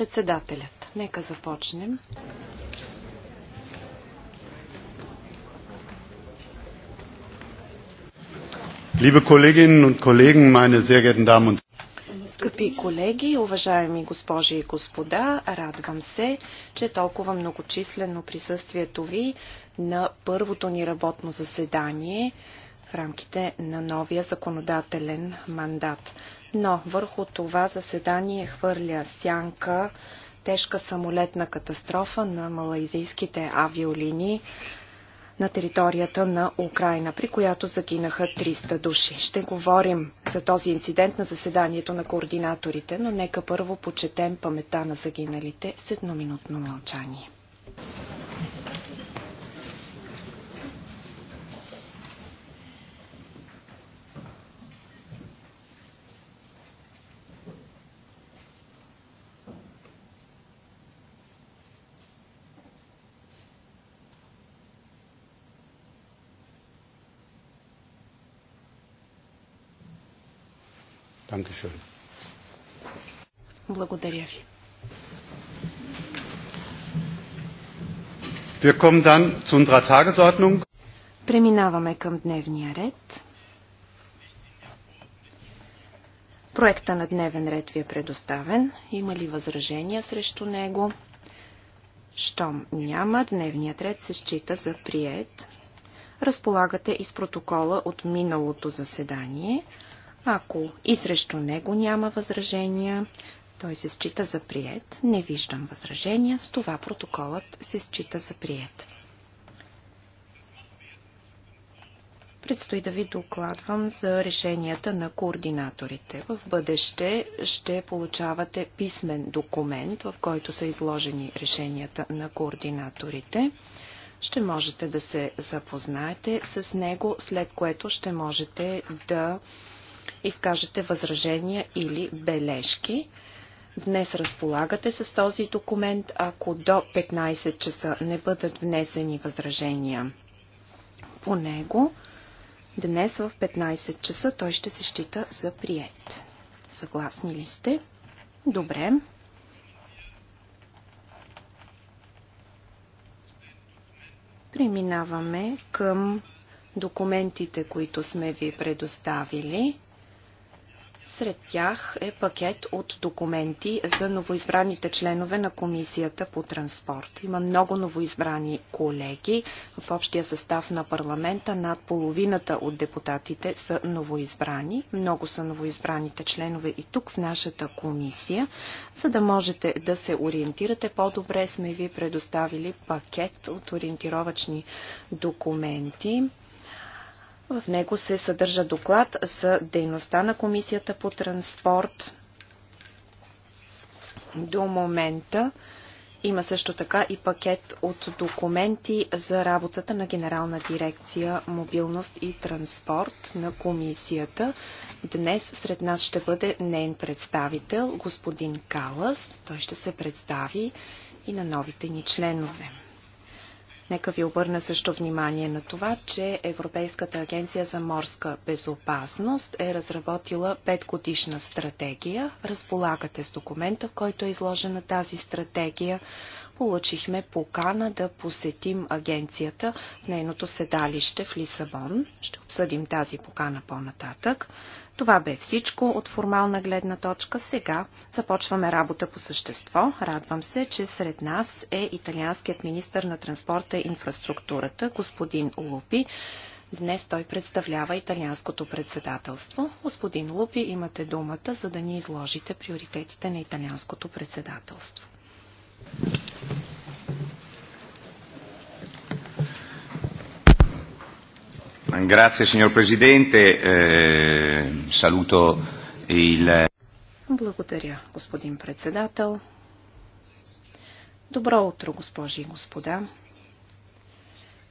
Председателят. Нека започнем. Liebe Kolleginnen und Kollegen, meine sehr geehrten Damen und Скъпи колеги, уважаеми госпожи и господа, радвам се, че е толкова многочислено присъствието ви на първото ни работно заседание в рамките на новия законодателен мандат но върху това заседание хвърля сянка тежка самолетна катастрофа на малайзийските авиолинии на територията на Украина, при която загинаха 300 души. Ще говорим за този инцидент на заседанието на координаторите, но нека първо почетем памета на загиналите с едноминутно мълчание. Dankeschön. Благодаря ви. Wir kommen dann zu unserer Tagesordnung. Преминаваме към дневния ред. Проекта на дневен ред ви е предоставен. Има ли възражения срещу него? Щом няма, дневният ред се счита за прият. Разполагате и с протокола от миналото заседание – ако и срещу него няма възражения, той се счита за прият. Не виждам възражения. С това протоколът се счита за прият. Предстои да ви докладвам за решенията на координаторите. В бъдеще ще получавате писмен документ, в който са изложени решенията на координаторите. Ще можете да се запознаете с него, след което ще можете да изкажете възражения или бележки. Днес разполагате с този документ, ако до 15 часа не бъдат внесени възражения по него, днес в 15 часа той ще се счита за прият. Съгласни ли сте? Добре. Преминаваме към документите, които сме ви предоставили. Сред тях е пакет от документи за новоизбраните членове на Комисията по транспорт. Има много новоизбрани колеги. В общия състав на парламента над половината от депутатите са новоизбрани. Много са новоизбраните членове и тук в нашата комисия. За да можете да се ориентирате по-добре, сме ви предоставили пакет от ориентировачни документи в него се съдържа доклад за дейността на Комисията по транспорт до момента. Има също така и пакет от документи за работата на Генерална дирекция Мобилност и транспорт на комисията. Днес сред нас ще бъде нейн представител, господин Калас. Той ще се представи и на новите ни членове. Нека ви обърна също внимание на това, че Европейската агенция за морска безопасност е разработила петгодишна годишна стратегия. Разполагате с документа, в който е изложена тази стратегия. Получихме покана да посетим агенцията в нейното седалище в Лисабон. Ще обсъдим тази покана по-нататък. Това бе всичко от формална гледна точка. Сега започваме работа по същество. Радвам се, че сред нас е италианският министр на транспорта и инфраструктурата, господин Лупи. Днес той представлява италианското председателство. Господин Лупи, имате думата, за да ни изложите приоритетите на италианското председателство. Grazie, signor Президенте. Eh, saluto il... Благодаря, господин председател. Добро утро, госпожи и господа,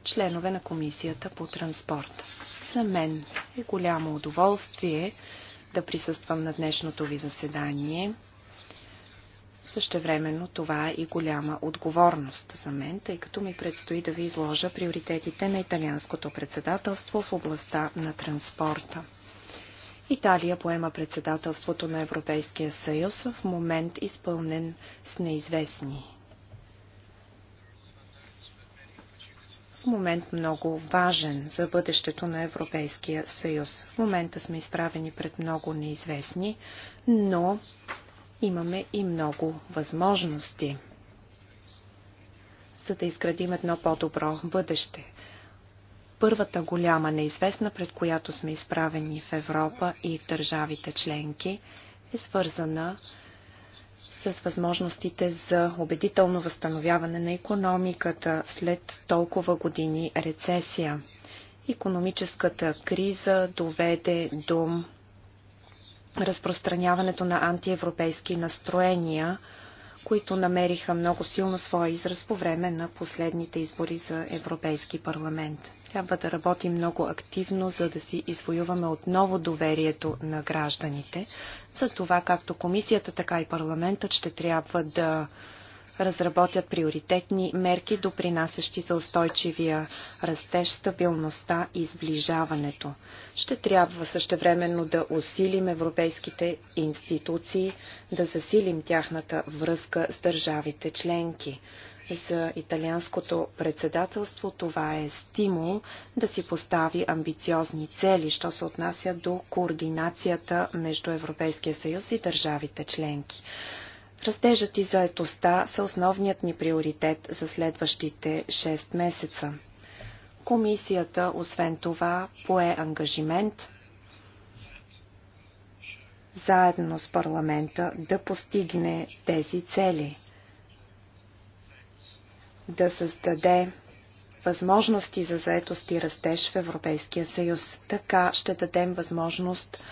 членове на Комисията по транспорт. За мен е голямо удоволствие да присъствам на днешното ви заседание – Същевременно това е и голяма отговорност за мен, тъй като ми предстои да ви изложа приоритетите на италианското председателство в областта на транспорта. Италия поема председателството на Европейския съюз в момент изпълнен с неизвестни. В момент много важен за бъдещето на Европейския съюз. В момента сме изправени пред много неизвестни, но имаме и много възможности, за да изградим едно по-добро бъдеще. Първата голяма неизвестна, пред която сме изправени в Европа и в държавите членки, е свързана с възможностите за убедително възстановяване на економиката след толкова години рецесия. Економическата криза доведе до разпространяването на антиевропейски настроения, които намериха много силно своя израз по време на последните избори за Европейски парламент. Трябва да работим много активно, за да си извоюваме отново доверието на гражданите. За това, както комисията, така и парламентът ще трябва да разработят приоритетни мерки, допринасящи за устойчивия растеж, стабилността и сближаването. Ще трябва същевременно да усилим европейските институции, да засилим тяхната връзка с държавите членки. За италианското председателство това е стимул да си постави амбициозни цели, що се отнася до координацията между Европейския съюз и държавите членки. Растежът и заетостта са основният ни приоритет за следващите 6 месеца. Комисията, освен това, пое ангажимент заедно с парламента да постигне тези цели, да създаде възможности за заетост и растеж в Европейския съюз. Така ще дадем възможност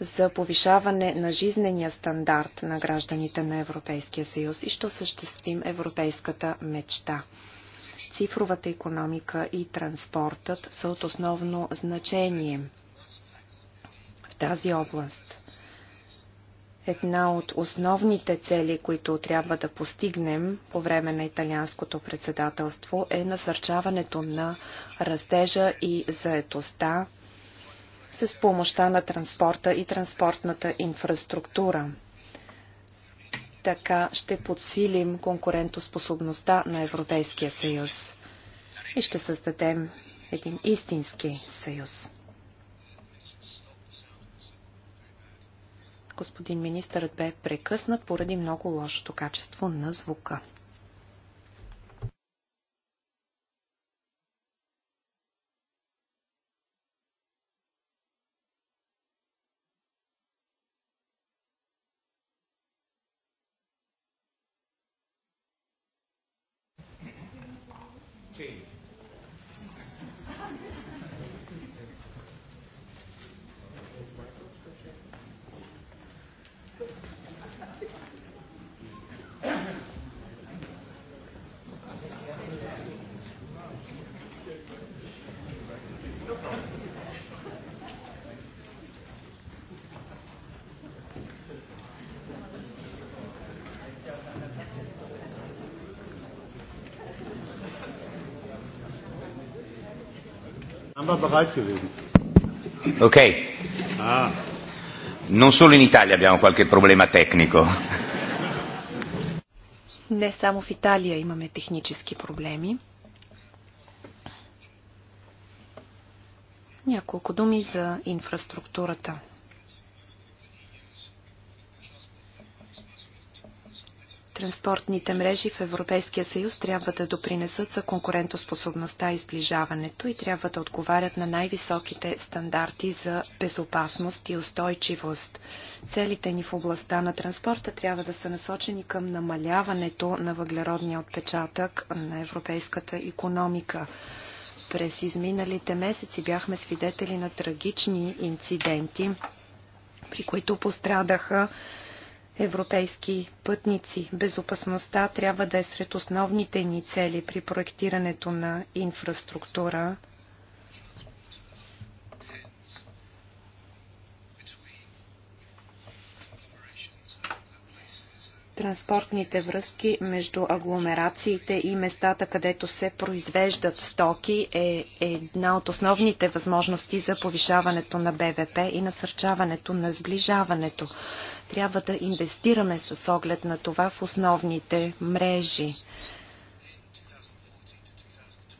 за повишаване на жизнения стандарт на гражданите на Европейския съюз и ще осъществим европейската мечта. Цифровата економика и транспортът са от основно значение в тази област. Една от основните цели, които трябва да постигнем по време на италианското председателство е насърчаването на растежа и заетостта с помощта на транспорта и транспортната инфраструктура. Така ще подсилим конкурентоспособността на Европейския съюз и ще създадем един истински съюз. Господин министърът бе прекъснат поради много лошото качество на звука. immer bereit gewesen. Okay. Ah. Non solo in Italia abbiamo qualche problema tecnico. Не само в Италия имаме технически проблеми. Няколко думи за инфраструктурата. Транспортните мрежи в Европейския съюз трябва да допринесат за конкурентоспособността и сближаването и трябва да отговарят на най-високите стандарти за безопасност и устойчивост. Целите ни в областта на транспорта трябва да са насочени към намаляването на въглеродния отпечатък на европейската економика. През изминалите месеци бяхме свидетели на трагични инциденти, при които пострадаха европейски пътници. Безопасността трябва да е сред основните ни цели при проектирането на инфраструктура. транспортните връзки между агломерациите и местата, където се произвеждат стоки, е една от основните възможности за повишаването на БВП и насърчаването на сближаването. Трябва да инвестираме с оглед на това в основните мрежи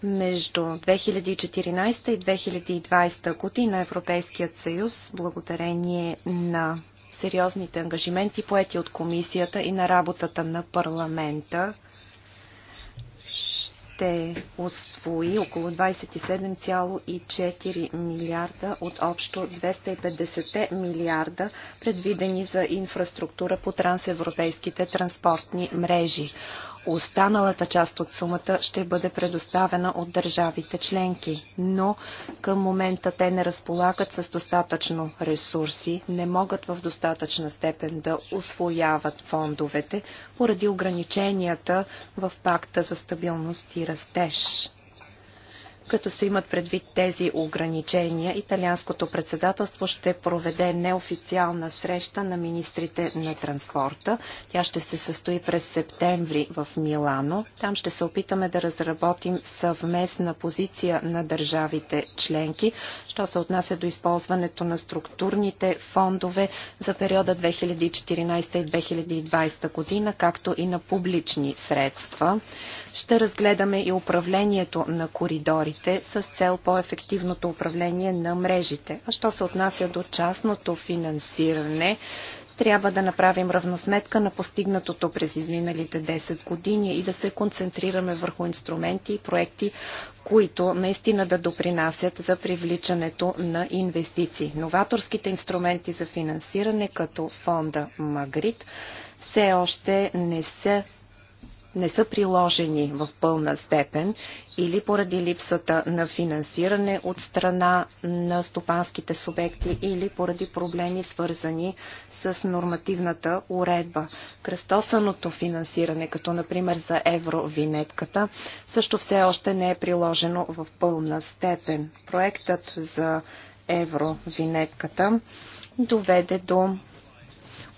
между 2014 и 2020 година Европейският съюз, благодарение на сериозните ангажименти, поети от комисията и на работата на парламента, ще освои около 27,4 милиарда от общо 250 милиарда, предвидени за инфраструктура по трансевропейските транспортни мрежи. Останалата част от сумата ще бъде предоставена от държавите членки, но към момента те не разполагат с достатъчно ресурси, не могат в достатъчна степен да освояват фондовете поради ограниченията в пакта за стабилност и растеж. Като се имат предвид тези ограничения, италианското председателство ще проведе неофициална среща на министрите на транспорта. Тя ще се състои през септември в Милано. Там ще се опитаме да разработим съвместна позиция на държавите членки, що се отнася до използването на структурните фондове за периода 2014 и 2020 година, както и на публични средства. Ще разгледаме и управлението на коридорите мерките с цел по-ефективното управление на мрежите. А що се отнася до частното финансиране, трябва да направим равносметка на постигнатото през изминалите 10 години и да се концентрираме върху инструменти и проекти, които наистина да допринасят за привличането на инвестиции. Новаторските инструменти за финансиране, като фонда Магрит, все още не са не са приложени в пълна степен или поради липсата на финансиране от страна на стопанските субекти или поради проблеми свързани с нормативната уредба. Кръстосаното финансиране, като например за евровинетката, също все още не е приложено в пълна степен. Проектът за евровинетката доведе до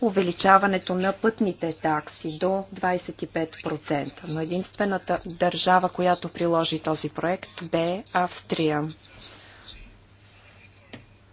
увеличаването на пътните такси до 25%. Но единствената държава, която приложи този проект, бе Австрия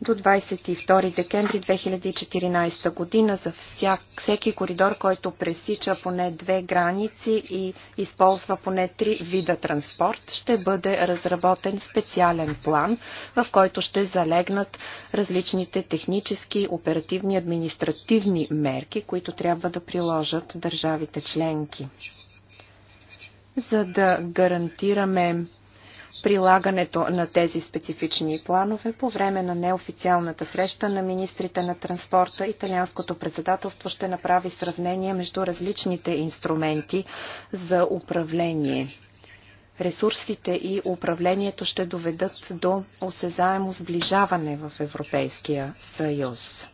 до 22 декември 2014 година за всяк, всеки коридор, който пресича поне две граници и използва поне три вида транспорт, ще бъде разработен специален план, в който ще залегнат различните технически, оперативни, административни мерки, които трябва да приложат държавите членки. За да гарантираме прилагането на тези специфични планове по време на неофициалната среща на министрите на транспорта. Италианското председателство ще направи сравнение между различните инструменти за управление. Ресурсите и управлението ще доведат до осезаемо сближаване в Европейския съюз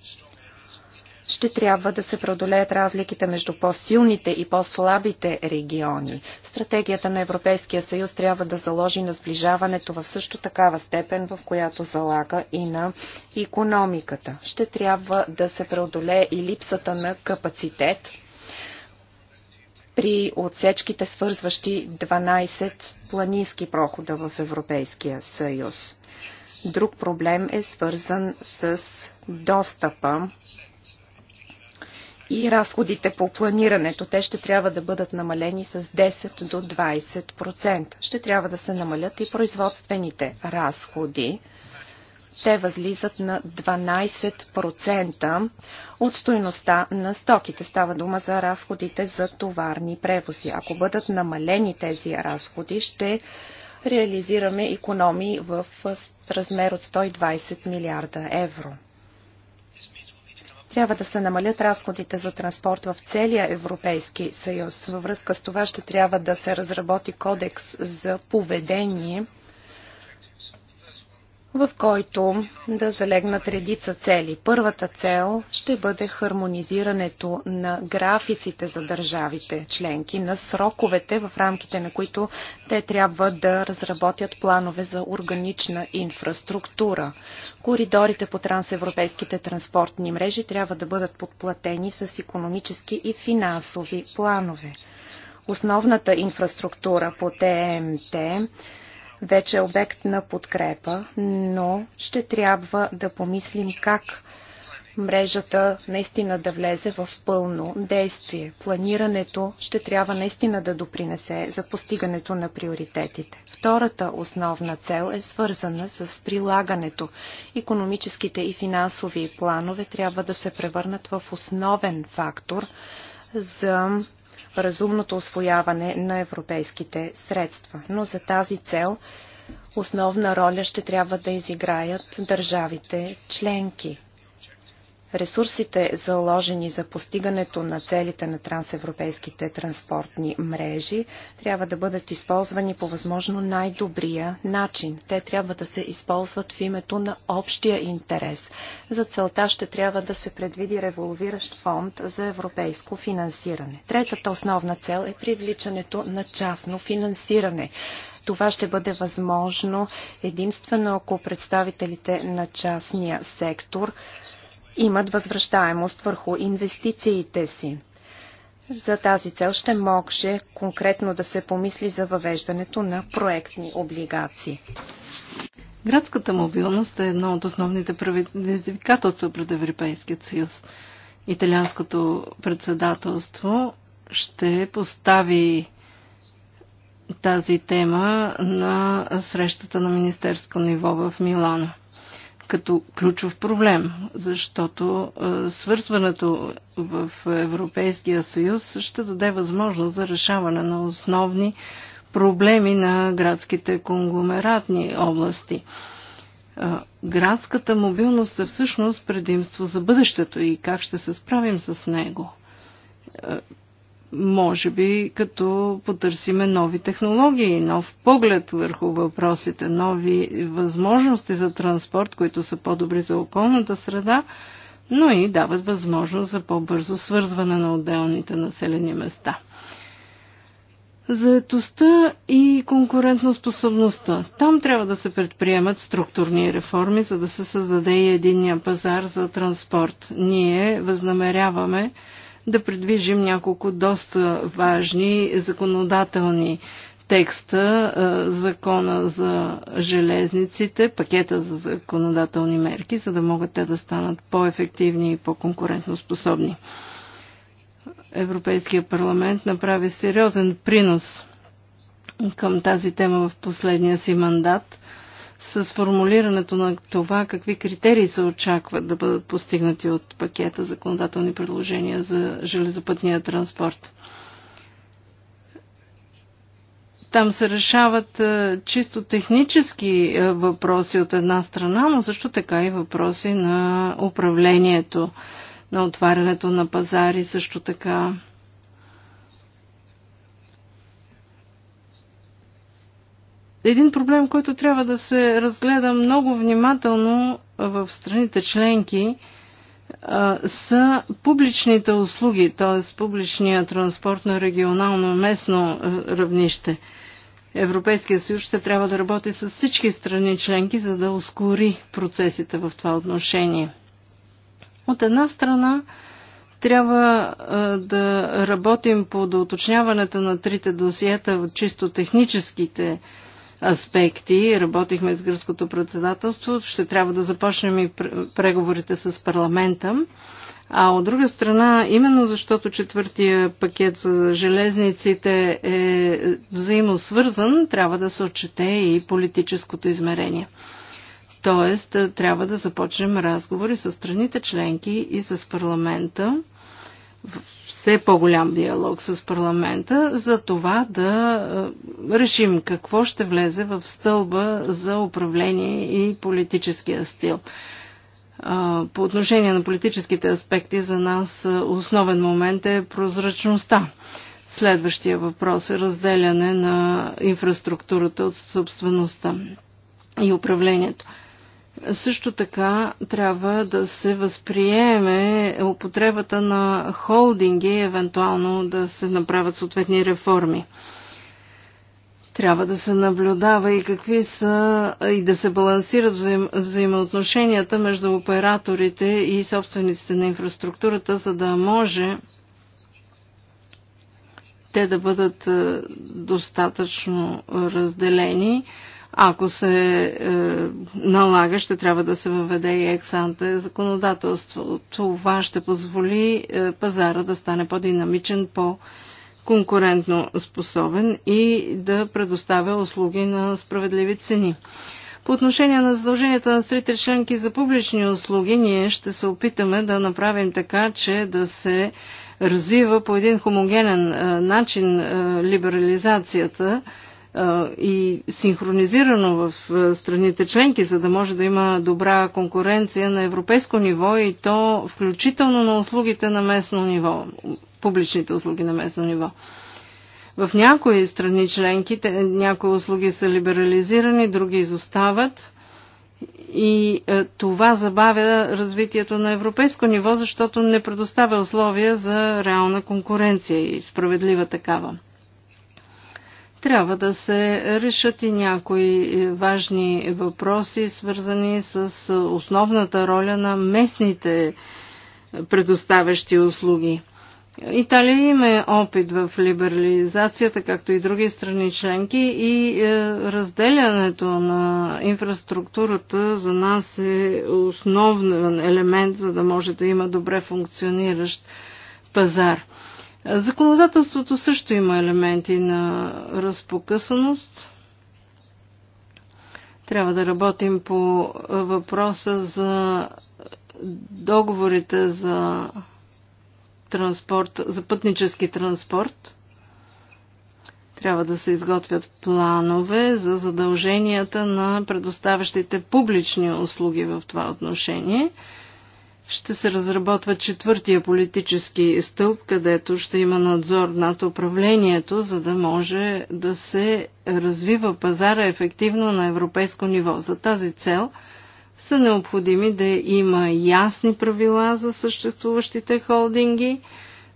ще трябва да се преодолеят разликите между по-силните и по-слабите региони. Стратегията на Европейския съюз трябва да заложи на сближаването в също такава степен, в която залага и на економиката. Ще трябва да се преодолее и липсата на капацитет при отсечките, свързващи 12 планински прохода в Европейския съюз. Друг проблем е свързан с достъпа и разходите по планирането. Те ще трябва да бъдат намалени с 10 до 20%. Ще трябва да се намалят и производствените разходи. Те възлизат на 12% от стоеността на стоките. Става дума за разходите за товарни превози. Ако бъдат намалени тези разходи, ще реализираме економии в размер от 120 милиарда евро. Трябва да се намалят разходите за транспорт в целия Европейски съюз. Във връзка с това ще трябва да се разработи кодекс за поведение в който да залегнат редица цели. Първата цел ще бъде хармонизирането на графиците за държавите членки, на сроковете в рамките на които те трябва да разработят планове за органична инфраструктура. Коридорите по трансевропейските транспортни мрежи трябва да бъдат подплатени с економически и финансови планове. Основната инфраструктура по ТМТ вече е обект на подкрепа, но ще трябва да помислим как мрежата наистина да влезе в пълно действие. Планирането ще трябва наистина да допринесе за постигането на приоритетите. Втората основна цел е свързана с прилагането. Економическите и финансови планове трябва да се превърнат в основен фактор за разумното освояване на европейските средства. Но за тази цел основна роля ще трябва да изиграят държавите членки. Ресурсите, заложени за постигането на целите на трансевропейските транспортни мрежи, трябва да бъдат използвани по възможно най-добрия начин. Те трябва да се използват в името на общия интерес. За целта ще трябва да се предвиди револвиращ фонд за европейско финансиране. Третата основна цел е привличането на частно финансиране. Това ще бъде възможно единствено ако представителите на частния сектор имат възвръщаемост върху инвестициите си. За тази цел ще може конкретно да се помисли за въвеждането на проектни облигации. Градската мобилност е едно от основните предизвикателства пред Европейският съюз. Италианското председателство ще постави тази тема на срещата на министерско ниво в Милано като ключов проблем, защото е, свързването в Европейския съюз ще даде възможност за решаване на основни проблеми на градските конгломератни области. Е, градската мобилност е всъщност предимство за бъдещето и как ще се справим с него е, може би като потърсиме нови технологии, нов поглед върху въпросите, нови възможности за транспорт, които са по-добри за околната среда, но и дават възможност за по-бързо свързване на отделните населени места. Заетостта и конкурентноспособността. Там трябва да се предприемат структурни реформи, за да се създаде и единния пазар за транспорт. Ние възнамеряваме да придвижим няколко доста важни законодателни текста, е, закона за железниците, пакета за законодателни мерки, за да могат те да станат по-ефективни и по-конкурентно способни. Европейския парламент направи сериозен принос към тази тема в последния си мандат – с формулирането на това какви критерии се очакват да бъдат постигнати от пакета законодателни предложения за железопътния транспорт. Там се решават е, чисто технически е, въпроси от една страна, но също така и въпроси на управлението, на отварянето на пазари, също така един проблем, който трябва да се разгледа много внимателно в страните членки, са публичните услуги, т.е. публичния транспорт на регионално местно равнище. Европейския съюз ще трябва да работи с всички страни членки, за да ускори процесите в това отношение. От една страна, трябва да работим по доуточняването на трите досиета, чисто техническите аспекти. Работихме с гръцкото председателство. Ще трябва да започнем и преговорите с парламента. А от друга страна, именно защото четвъртия пакет за железниците е взаимосвързан, трябва да се отчете и политическото измерение. Тоест, трябва да започнем разговори с страните членки и с парламента все по-голям диалог с парламента, за това да е, решим какво ще влезе в стълба за управление и политическия стил. Е, по отношение на политическите аспекти за нас е, основен момент е прозрачността. Следващия въпрос е разделяне на инфраструктурата от собствеността и управлението. Също така трябва да се възприеме употребата на холдинги и евентуално да се направят съответни реформи. Трябва да се наблюдава и какви са и да се балансират взаим, взаимоотношенията между операторите и собствениците на инфраструктурата, за да може те да бъдат е, достатъчно разделени ако се е, налага, ще трябва да се въведе и ексанте законодателство. Това ще позволи е, пазара да стане по-динамичен, по-конкурентно способен и да предоставя услуги на справедливи цени. По отношение на задълженията на стрите членки за публични услуги, ние ще се опитаме да направим така, че да се развива по един хомогенен е, начин е, либерализацията и синхронизирано в страните членки, за да може да има добра конкуренция на европейско ниво и то включително на услугите на местно ниво, публичните услуги на местно ниво. В някои страни членки някои услуги са либерализирани, други изостават и това забавя развитието на европейско ниво, защото не предоставя условия за реална конкуренция и справедлива такава трябва да се решат и някои важни въпроси, свързани с основната роля на местните предоставящи услуги. Италия има опит в либерализацията, както и други страни членки и е, разделянето на инфраструктурата за нас е основен елемент, за да може да има добре функциониращ пазар. Законодателството също има елементи на разпокъсаност. Трябва да работим по въпроса за договорите за транспорт, за пътнически транспорт. Трябва да се изготвят планове за задълженията на предоставящите публични услуги в това отношение – ще се разработва четвъртия политически стълб, където ще има надзор над управлението, за да може да се развива пазара ефективно на европейско ниво. За тази цел са необходими да има ясни правила за съществуващите холдинги,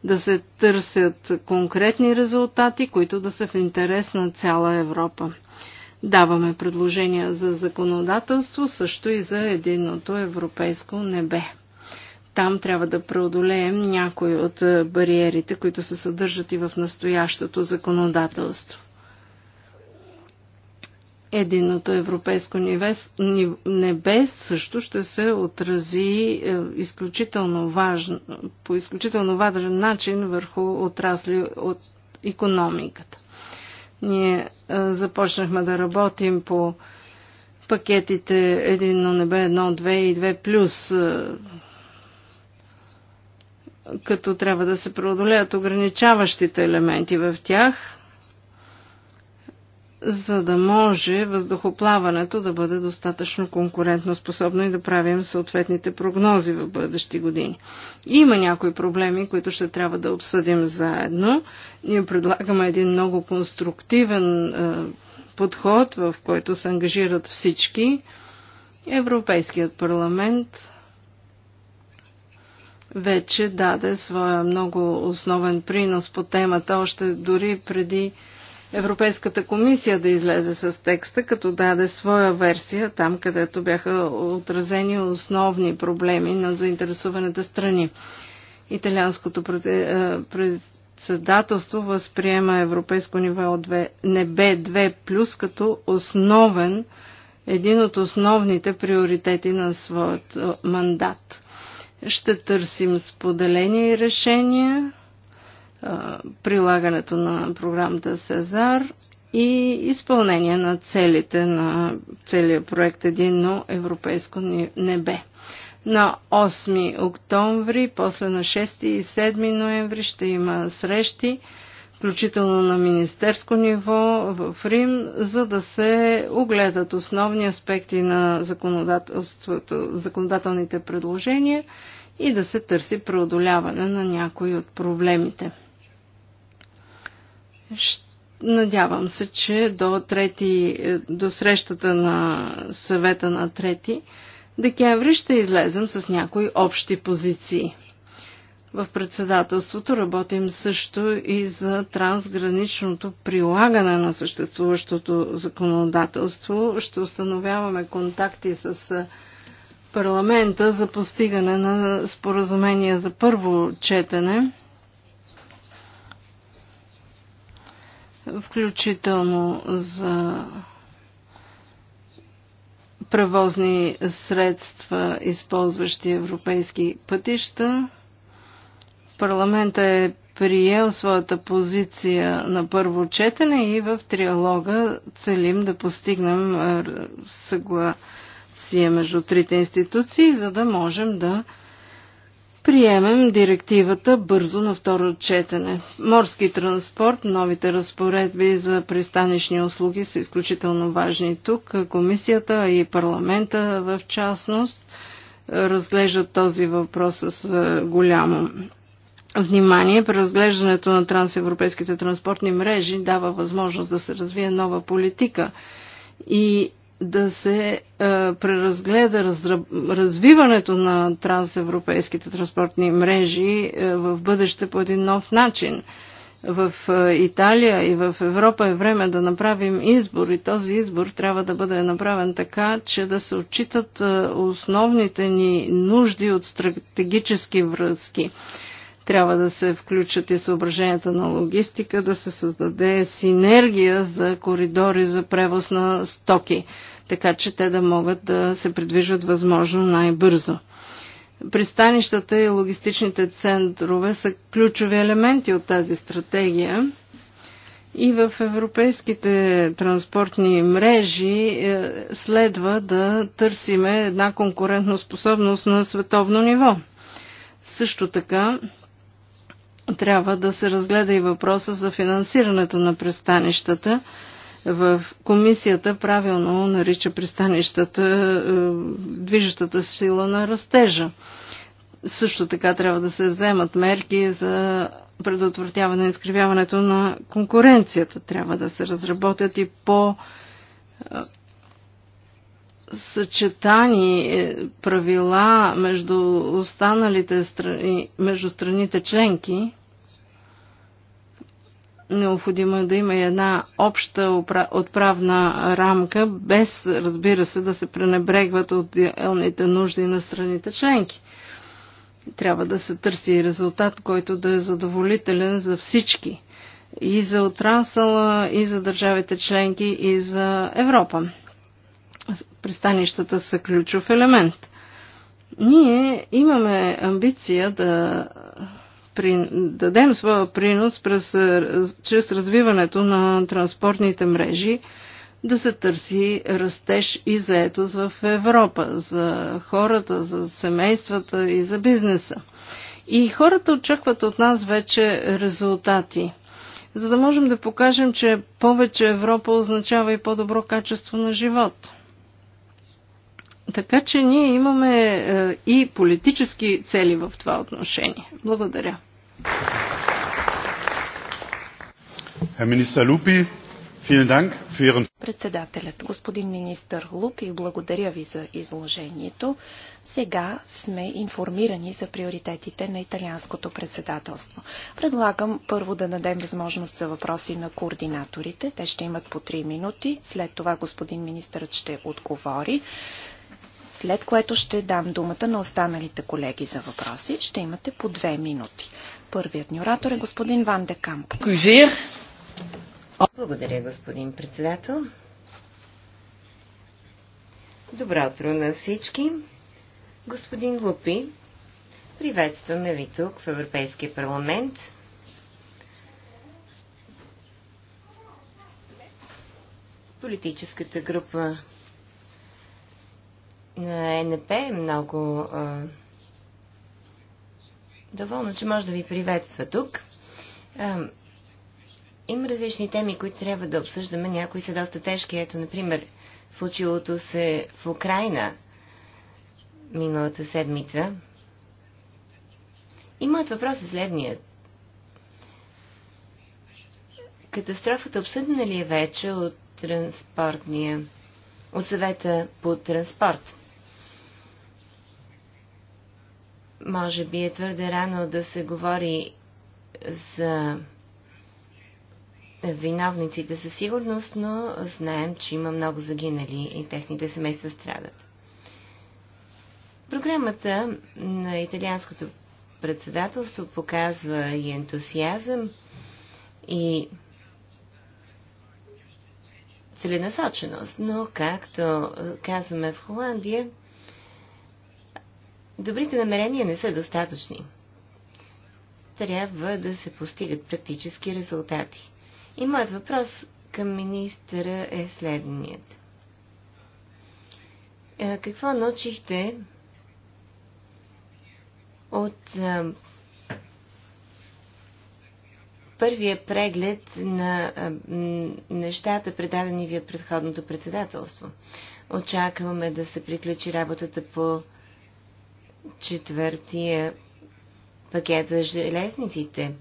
да се търсят конкретни резултати, които да са в интерес на цяла Европа. Даваме предложения за законодателство, също и за единното европейско небе. Там трябва да преодолеем някои от е, бариерите, които се съдържат и в настоящото законодателство. Единото европейско небе също ще се отрази е, изключително важен, по изключително важен начин върху отрасли от економиката. Ние е, започнахме да работим по пакетите на небе 1, 2 и 2+, като трябва да се преодолеят ограничаващите елементи в тях, за да може въздухоплаването да бъде достатъчно конкурентно способно и да правим съответните прогнози в бъдещи години. Има някои проблеми, които ще трябва да обсъдим заедно. Ние предлагаме един много конструктивен е, подход, в който се ангажират всички. Европейският парламент, вече даде своя много основен принос по темата, още дори преди Европейската комисия да излезе с текста, като даде своя версия, там където бяха отразени основни проблеми на заинтересуваните страни. Италианското е, председателство възприема европейско ниво от небе 2+, като основен, един от основните приоритети на своят е, мандат. Ще търсим споделени решения, прилагането на програмата Сезар и изпълнение на целите на целият проект Единно европейско небе. На 8 октомври, после на 6 и 7 ноември ще има срещи включително на министерско ниво в Рим, за да се огледат основни аспекти на законодателните предложения и да се търси преодоляване на някои от проблемите. Надявам се, че до, трети, до срещата на съвета на трети декември ще излезем с някои общи позиции. В председателството работим също и за трансграничното прилагане на съществуващото законодателство. Ще установяваме контакти с парламента за постигане на споразумение за първо четене, включително за превозни средства, използващи европейски пътища. Парламента е приел своята позиция на първо четене и в триалога целим да постигнем е, съгласие между трите институции, за да можем да приемем директивата бързо на второ четене. Морски транспорт, новите разпоредби за пристанищни услуги са изключително важни тук. Комисията и парламента в частност разглеждат този въпрос с е, голямо внимание. Преразглеждането на трансевропейските транспортни мрежи дава възможност да се развие нова политика и да се е, преразгледа разръб, развиването на трансевропейските транспортни мрежи е, в бъдеще по един нов начин. В е, Италия и в Европа е време да направим избор и този избор трябва да бъде направен така, че да се отчитат е, основните ни нужди от стратегически връзки. Трябва да се включат и съображенията на логистика, да се създаде синергия за коридори за превоз на стоки, така че те да могат да се придвижват възможно най-бързо. Пристанищата и логистичните центрове са ключови елементи от тази стратегия. И в европейските транспортни мрежи е, следва да търсиме една конкурентна способност на световно ниво. Също така трябва да се разгледа и въпроса за финансирането на пристанищата. В комисията правилно нарича пристанищата е, движещата сила на растежа. Също така трябва да се вземат мерки за предотвратяване на изкривяването на конкуренцията. Трябва да се разработят и по е, съчетани е, правила между останалите страни, между страните членки, Необходимо е да има и една обща отправна рамка, без, разбира се, да се пренебрегват отделните нужди на страните членки. Трябва да се търси и резултат, който да е задоволителен за всички. И за отрасъла, и за държавите членки, и за Европа. Пристанищата са ключов елемент. Ние имаме амбиция да дадем своя принос през, е, чрез развиването на транспортните мрежи, да се търси растеж и заетост в Европа, за хората, за семействата и за бизнеса. И хората очакват от нас вече резултати, за да можем да покажем, че повече Европа означава и по-добро качество на живот. Така че ние имаме е, и политически цели в това отношение. Благодаря. Председателят, господин министър Лупи, благодаря ви за изложението. Сега сме информирани за приоритетите на италианското председателство. Предлагам първо да дадем възможност за въпроси на координаторите. Те ще имат по 3 минути. След това господин министърът ще отговори след което ще дам думата на останалите колеги за въпроси. Ще имате по две минути. Първият ни оратор е господин Ван де Камп. Благодаря, господин председател. Добро утро на всички. Господин Лупи, приветстваме ви тук в Европейския парламент. Политическата група на е НП е много Доволно, че може да ви приветства тук. Има различни теми, които трябва да обсъждаме. Някои са доста тежки. Ето, например, случилото се в Украина миналата седмица. И моят въпрос е следният. Катастрофата обсъдена ли е вече от транспортния, от съвета по транспорт? Може би е твърде рано да се говори за виновниците със сигурност, но знаем, че има много загинали и техните семейства страдат. Програмата на италианското председателство показва и ентусиазъм, и целенасоченост, но както казваме в Холандия, добрите намерения не са достатъчни. Трябва да се постигат практически резултати. И моят въпрос към министъра е следният. Е, какво научихте от е, първия преглед на е, нещата, предадени ви от предходното председателство? Очакваме да се приключи работата по четвъртия пакет за железниците.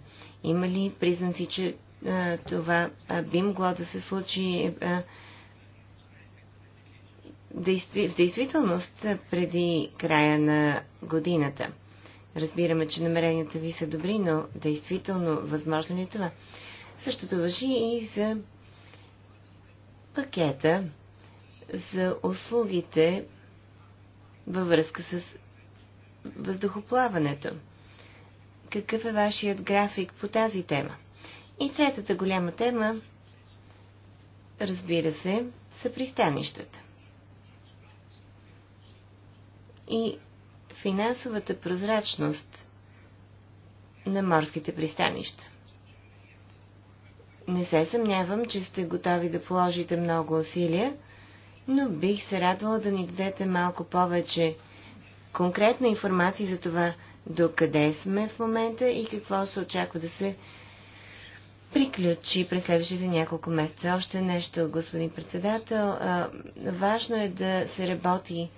Има ли признаци, че а, това а, би могло да се случи а, действи, в действителност преди края на годината? Разбираме, че намеренията ви са добри, но действително възможно ли е това? Същото въжи и за пакета за услугите във връзка с въздухоплаването. Какъв е вашият график по тази тема? И третата голяма тема, разбира се, са пристанищата. И финансовата прозрачност на морските пристанища. Не се съмнявам, че сте готови да положите много усилия, но бих се радвала да ни дадете малко повече конкретна информация за това до къде сме в момента и какво се очаква да се приключи през следващите няколко месеца. Още нещо, господин председател. Важно е да се работи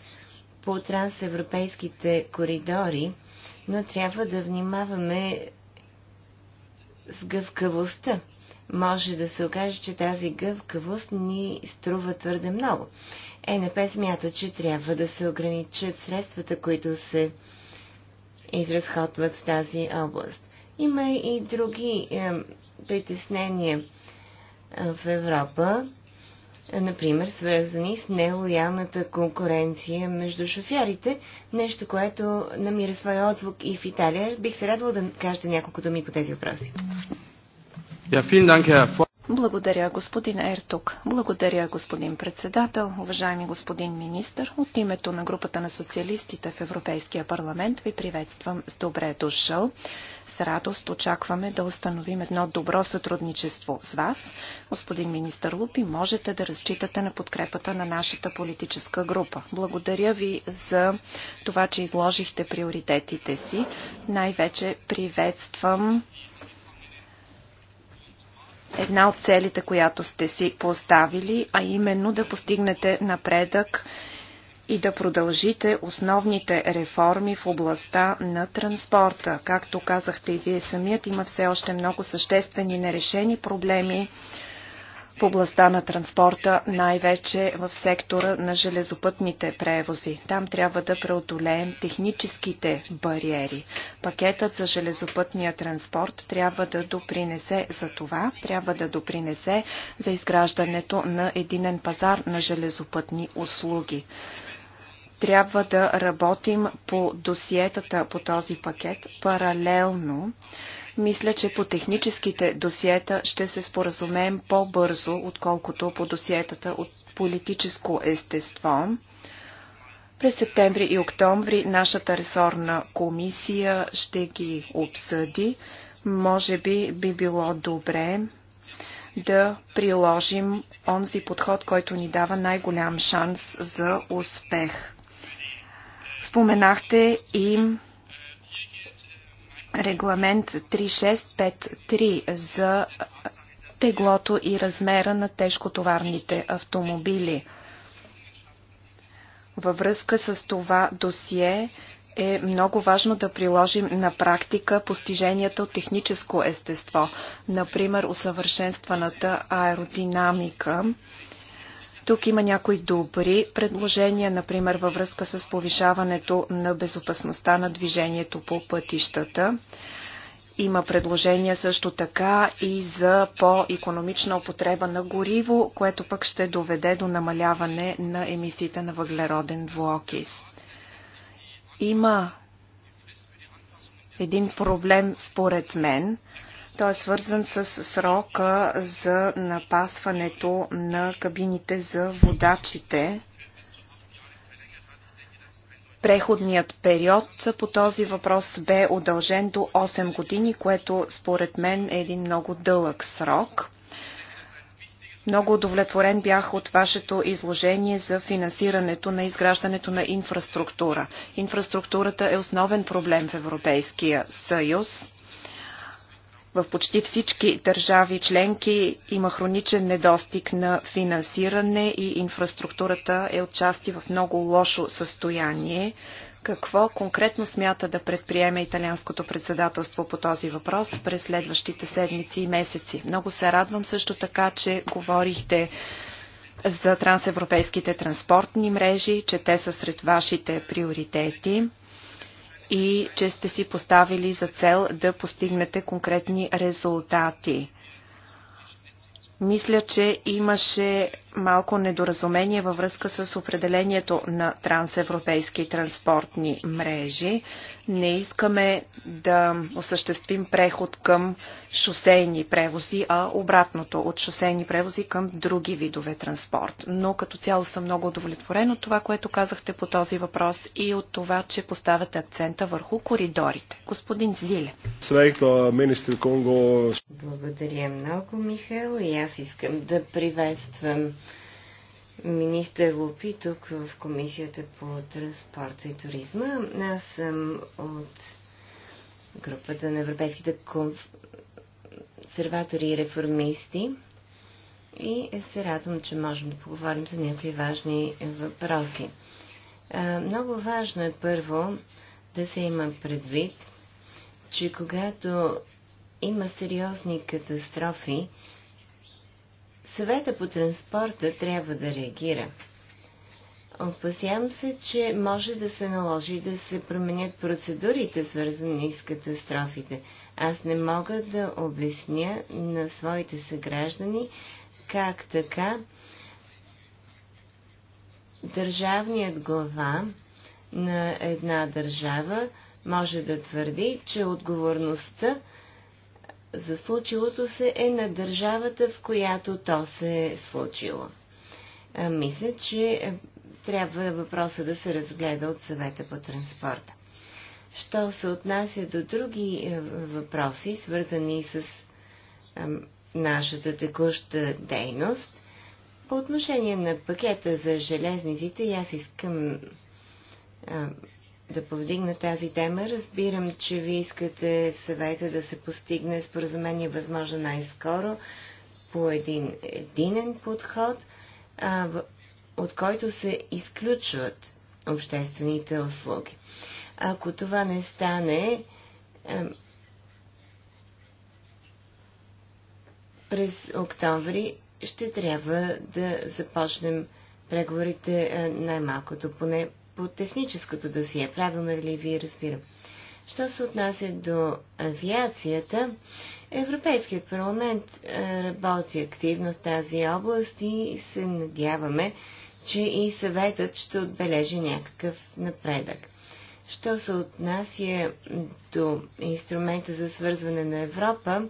по трансевропейските коридори, но трябва да внимаваме с гъвкавостта. Може да се окаже, че тази гъвкавост ни струва твърде много. ЕНП смята, че трябва да се ограничат средствата, които се изразходват в тази област. Има и други е, притеснения в Европа, например, свързани с нелоялната конкуренция между шофьорите, нещо, което намира своя отзвук и в Италия. Бих се радвала да кажете няколко думи по тези въпроси. Ja, vielen Dank, Herr благодаря, господин Ертук. Благодаря, господин председател, уважаеми господин министр. От името на групата на социалистите в Европейския парламент ви приветствам с добре дошъл. С радост очакваме да установим едно добро сътрудничество с вас. Господин министр Лупи, можете да разчитате на подкрепата на нашата политическа група. Благодаря ви за това, че изложихте приоритетите си. Най-вече приветствам една от целите, която сте си поставили, а именно да постигнете напредък и да продължите основните реформи в областта на транспорта. Както казахте и вие самият, има все още много съществени нерешени проблеми в областта на транспорта, най-вече в сектора на железопътните превози. Там трябва да преодолеем техническите бариери. Пакетът за железопътния транспорт трябва да допринесе за това, трябва да допринесе за изграждането на единен пазар на железопътни услуги трябва да работим по досиетата по този пакет паралелно мисля, че по техническите досиета ще се споразумеем по-бързо, отколкото по досиетата от политическо естество. През септември и октомври нашата ресорна комисия ще ги обсъди. Може би би било добре да приложим онзи подход, който ни дава най-голям шанс за успех. Споменахте и регламент 3653 за теглото и размера на тежкотоварните автомобили. Във връзка с това досие е много важно да приложим на практика постиженията от техническо естество, например усъвършенстваната аеродинамика, тук има някои добри предложения, например във връзка с повишаването на безопасността на движението по пътищата. Има предложения също така и за по-економична употреба на гориво, което пък ще доведе до намаляване на емисиите на въглероден двуокис. Има един проблем според мен – той е свързан с срока за напасването на кабините за водачите. Преходният период по този въпрос бе удължен до 8 години, което според мен е един много дълъг срок. Много удовлетворен бях от вашето изложение за финансирането на изграждането на инфраструктура. Инфраструктурата е основен проблем в Европейския съюз. В почти всички държави членки има хроничен недостиг на финансиране и инфраструктурата е отчасти в много лошо състояние. Какво конкретно смята да предприеме италианското председателство по този въпрос през следващите седмици и месеци? Много се радвам също така, че говорихте за трансевропейските транспортни мрежи, че те са сред вашите приоритети и че сте си поставили за цел да постигнете конкретни резултати. Мисля, че имаше малко недоразумение във връзка с определението на трансевропейски транспортни мрежи. Не искаме да осъществим преход към шосейни превози, а обратното от шосейни превози към други видове транспорт. Но като цяло съм много удовлетворен от това, което казахте по този въпрос и от това, че поставяте акцента върху коридорите. Господин Зиле. Благодаря много, Михаил, и аз искам да приветствам министър Лупи тук в Комисията по транспорта и туризма. Аз съм от групата на европейските консерватори и реформисти и се радвам, че можем да поговорим за някои важни въпроси. Много важно е първо да се има предвид, че когато има сериозни катастрофи, Съвета по транспорта трябва да реагира. Опасявам се, че може да се наложи да се променят процедурите, свързани с катастрофите. Аз не мога да обясня на своите съграждани как така държавният глава на една държава може да твърди, че отговорността за случилото се е на държавата, в която то се е случило. А, мисля, че е, трябва въпроса да се разгледа от съвета по транспорта. Що се отнася до други е, въпроси, свързани с е, нашата текуща дейност, по отношение на пакета за железниците, аз искам да повдигна тази тема. Разбирам, че ви искате в съвета да се постигне споразумение възможно най-скоро по един единен подход, а, от който се изключват обществените услуги. Ако това не стане, през октомври ще трябва да започнем преговорите е, най-малкото поне по техническото досие. Правилно ли вие разбирам? Що се отнася до авиацията, Европейският парламент е, работи активно в тази област и се надяваме, че и съветът ще отбележи някакъв напредък. Що се отнася до инструмента за свързване на Европа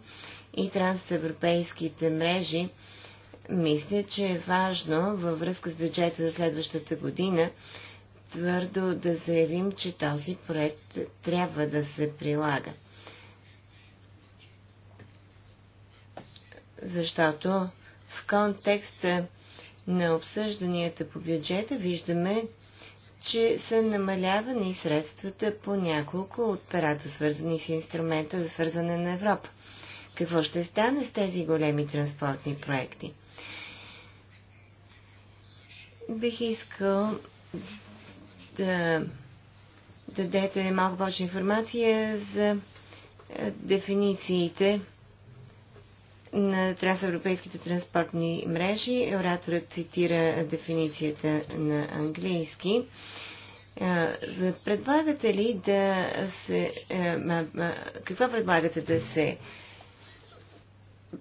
и трансевропейските мрежи, мисля, че е важно във връзка с бюджета за следващата година твърдо да заявим, че този проект трябва да се прилага. Защото в контекста на обсъжданията по бюджета виждаме, че са намалявани средствата по няколко от парата, свързани с инструмента за свързване на Европа. Какво ще стане с тези големи транспортни проекти? Бих искал да дадете малко повече информация за е, дефинициите на трансевропейските транспортни мрежи. Ораторът цитира дефиницията на английски. Е, предлагате ли да се... Е, какво предлагате да се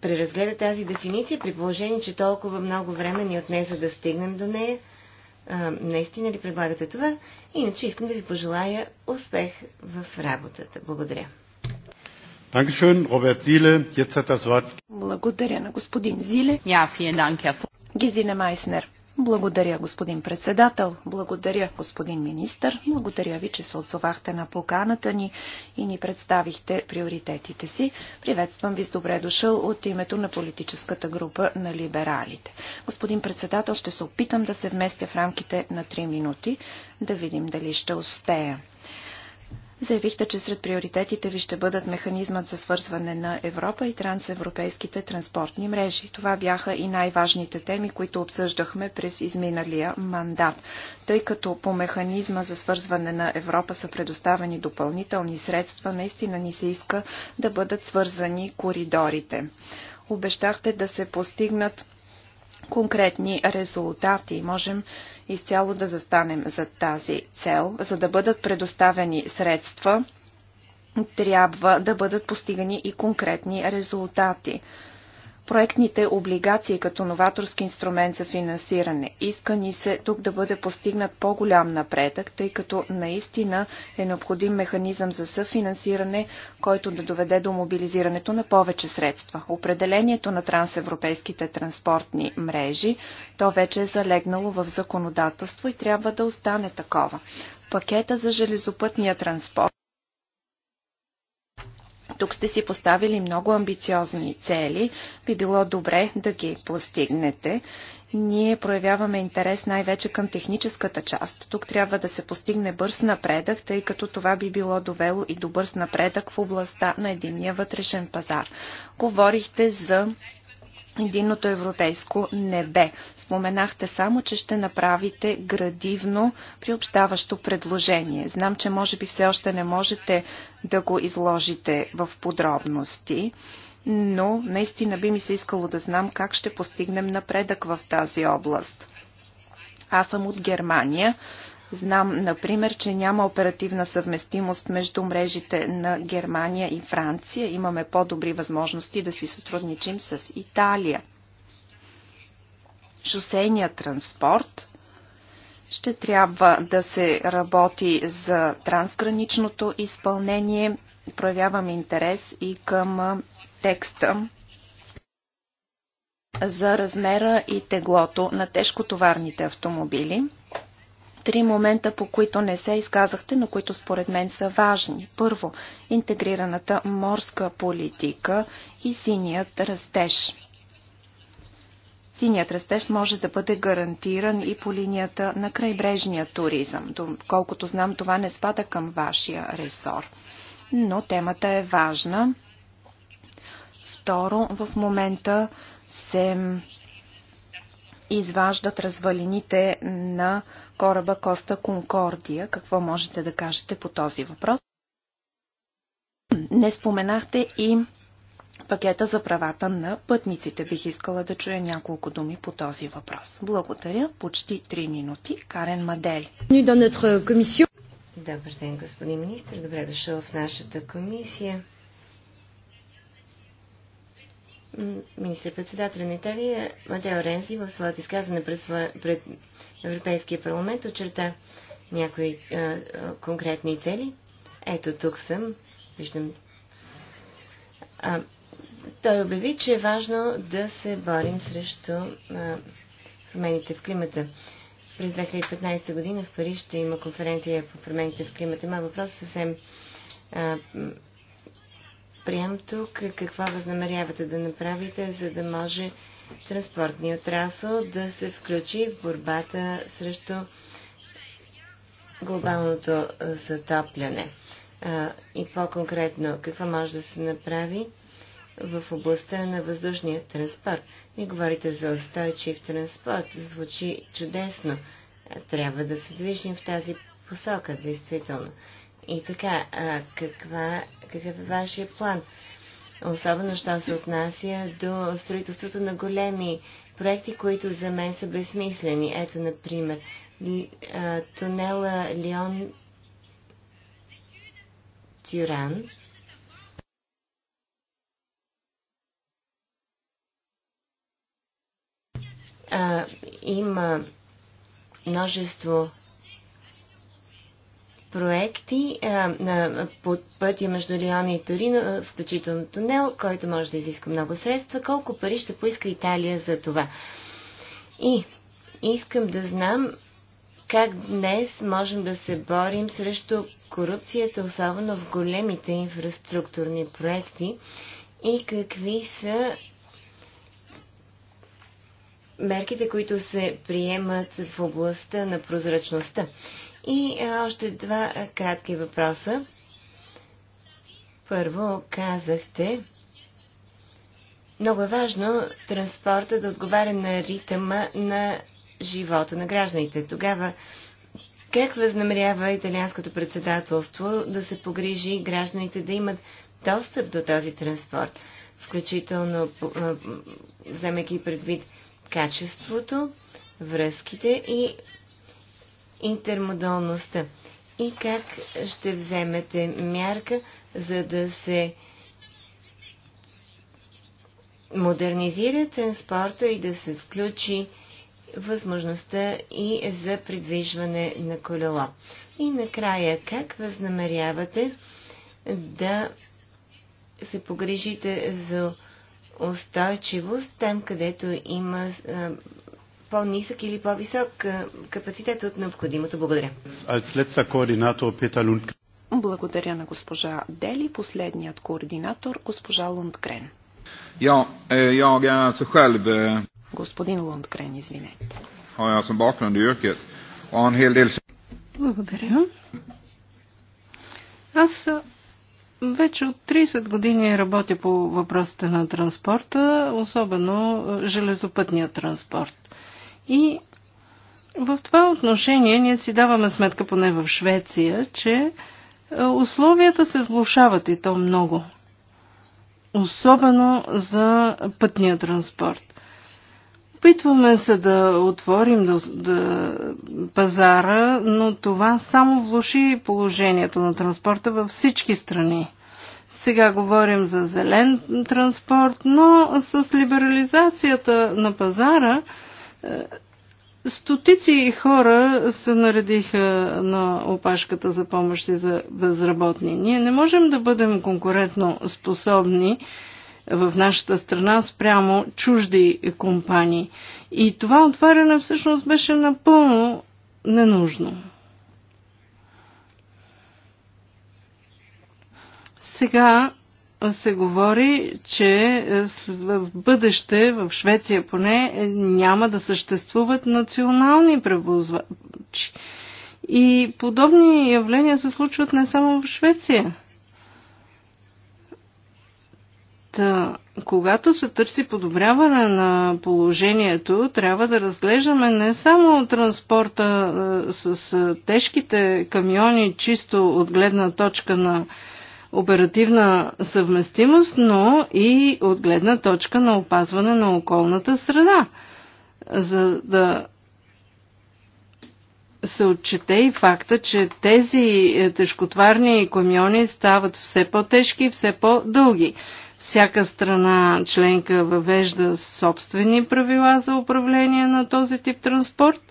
преразгледа тази дефиниция при положение, че толкова много време ни отнеса да стигнем до нея? наистина ли предлагате това. Иначе искам да ви пожелая успех в работата. Благодаря. Благодаря на господин Зиле. Гизина Майснер. Благодаря, господин председател. Благодаря, господин министр. Благодаря ви, че се отзовахте на поканата ни и ни представихте приоритетите си. Приветствам ви с добре дошъл от името на политическата група на либералите. Господин председател, ще се опитам да се вместя в рамките на 3 минути, да видим дали ще успея. Заявихте, че сред приоритетите ви ще бъдат механизмът за свързване на Европа и трансевропейските транспортни мрежи. Това бяха и най-важните теми, които обсъждахме през изминалия мандат. Тъй като по механизма за свързване на Европа са предоставени допълнителни средства, наистина ни се иска да бъдат свързани коридорите. Обещахте да се постигнат конкретни резултати. Можем изцяло да застанем за тази цел. За да бъдат предоставени средства, трябва да бъдат постигани и конкретни резултати проектните облигации като новаторски инструмент за финансиране. Иска ни се тук да бъде постигнат по-голям напредък, тъй като наистина е необходим механизъм за съфинансиране, който да доведе до мобилизирането на повече средства. Определението на трансевропейските транспортни мрежи, то вече е залегнало в законодателство и трябва да остане такова. Пакета за железопътния транспорт тук сте си поставили много амбициозни цели. Би било добре да ги постигнете. Ние проявяваме интерес най-вече към техническата част. Тук трябва да се постигне бърз напредък, тъй като това би било довело и до бърз напредък в областта на единния вътрешен пазар. Говорихте за единното европейско небе. Споменахте само, че ще направите градивно приобщаващо предложение. Знам, че може би все още не можете да го изложите в подробности, но наистина би ми се искало да знам как ще постигнем напредък в тази област. Аз съм от Германия. Знам, например, че няма оперативна съвместимост между мрежите на Германия и Франция. Имаме по-добри възможности да си сътрудничим с Италия. Шосейният транспорт ще трябва да се работи за трансграничното изпълнение. Проявявам интерес и към текста за размера и теглото на тежкотоварните автомобили три момента, по които не се изказахте, но които според мен са важни. Първо, интегрираната морска политика и синият растеж. Синият растеж може да бъде гарантиран и по линията на крайбрежния туризъм. Колкото знам, това не спада към вашия ресор. Но темата е важна. Второ, в момента се изваждат развалините на кораба Коста Конкордия. Какво можете да кажете по този въпрос? Не споменахте и пакета за правата на пътниците. Бих искала да чуя няколко думи по този въпрос. Благодаря. Почти три минути. Карен Мадели. Добър ден, господин министр. Добре дошъл в нашата комисия. Министър-председателя на Италия Матео Рензи в своето изказване пред, своя, пред Европейския парламент очерта някои а, е, конкретни цели. Ето тук съм. Виждам. А, той обяви, че е важно да се борим срещу а, промените в климата. През 2015 година в Париж ще има конференция по промените в климата. Моят въпрос е съвсем Прием тук. Какво възнамерявате да направите, за да може транспортният отрасъл да се включи в борбата срещу глобалното затопляне? И по-конкретно, какво може да се направи в областта на въздушния транспорт? Ми говорите за устойчив транспорт. Звучи чудесно. Трябва да се движим в тази посока, действително. И така, а, каква, какъв е вашия план? Особено, що се отнася до строителството на големи проекти, които за мен са безсмислени. Ето, например, тунела Лион Тюран. А, има множество проекти а, на, пътя между Лиона и Торино, включително тунел, който може да изиска много средства. Колко пари ще поиска Италия за това? И искам да знам как днес можем да се борим срещу корупцията, особено в големите инфраструктурни проекти и какви са мерките, които се приемат в областта на прозрачността. И още два кратки въпроса. Първо, казахте, много е важно транспорта да отговаря на ритъма на живота на гражданите. Тогава как възнамерява италианското председателство да се погрижи гражданите да имат достъп до този транспорт, включително вземайки предвид качеството, връзките и интермодалността и как ще вземете мярка, за да се модернизира транспорта и да се включи възможността и за придвижване на колело. И накрая, как възнамерявате да се погрижите за устойчивост там, където има по-нисък или по-висок е, капацитет от необходимото. Благодаря. Благодаря на госпожа Дели, последният координатор, госпожа Лундгрен. Ja, eh, jag är alltså själv... Eh, Господин Лундгрен, извинете. Har jag som bakgrund i yrket. Och en hel del... Благодаря. Аз вече от 30 години работя по въпросите на транспорта, особено железопътния транспорт. И в това отношение ние си даваме сметка, поне в Швеция, че е, условията се влушават и то много. Особено за пътния транспорт. Опитваме се да отворим да, да, пазара, но това само влуши положението на транспорта във всички страни. Сега говорим за зелен транспорт, но с либерализацията на пазара е, стотици хора се наредиха на опашката за помощи за безработни. Ние не можем да бъдем конкурентно способни в нашата страна спрямо чужди компании. И това отваряне всъщност беше напълно ненужно. Сега се говори, че е, в бъдеще, в Швеция поне, е, няма да съществуват национални превозвачи. И подобни явления се случват не само в Швеция. Та, когато се търси подобряване на положението, трябва да разглеждаме не само транспорта е, с тежките камиони, чисто от гледна точка на оперативна съвместимост, но и от гледна точка на опазване на околната среда, за да се отчете и факта, че тези е, тежкотварни камиони стават все по-тежки и все по-дълги. Всяка страна членка въвежда собствени правила за управление на този тип транспорт,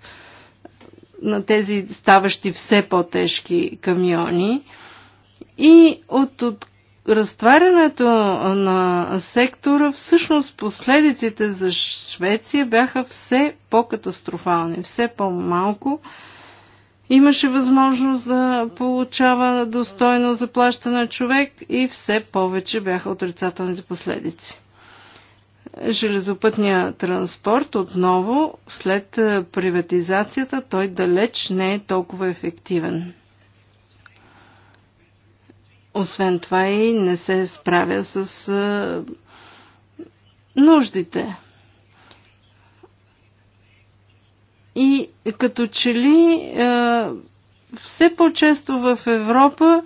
на тези ставащи все по-тежки камиони. И от, от разтварянето на сектора, всъщност последиците за Швеция бяха все по-катастрофални, все по-малко. Имаше възможност да получава достойно заплащане човек и все повече бяха отрицателните последици. Железопътния транспорт отново след приватизацията той далеч не е толкова ефективен. Освен това и не се справя с нуждите. И като че ли все по-често в Европа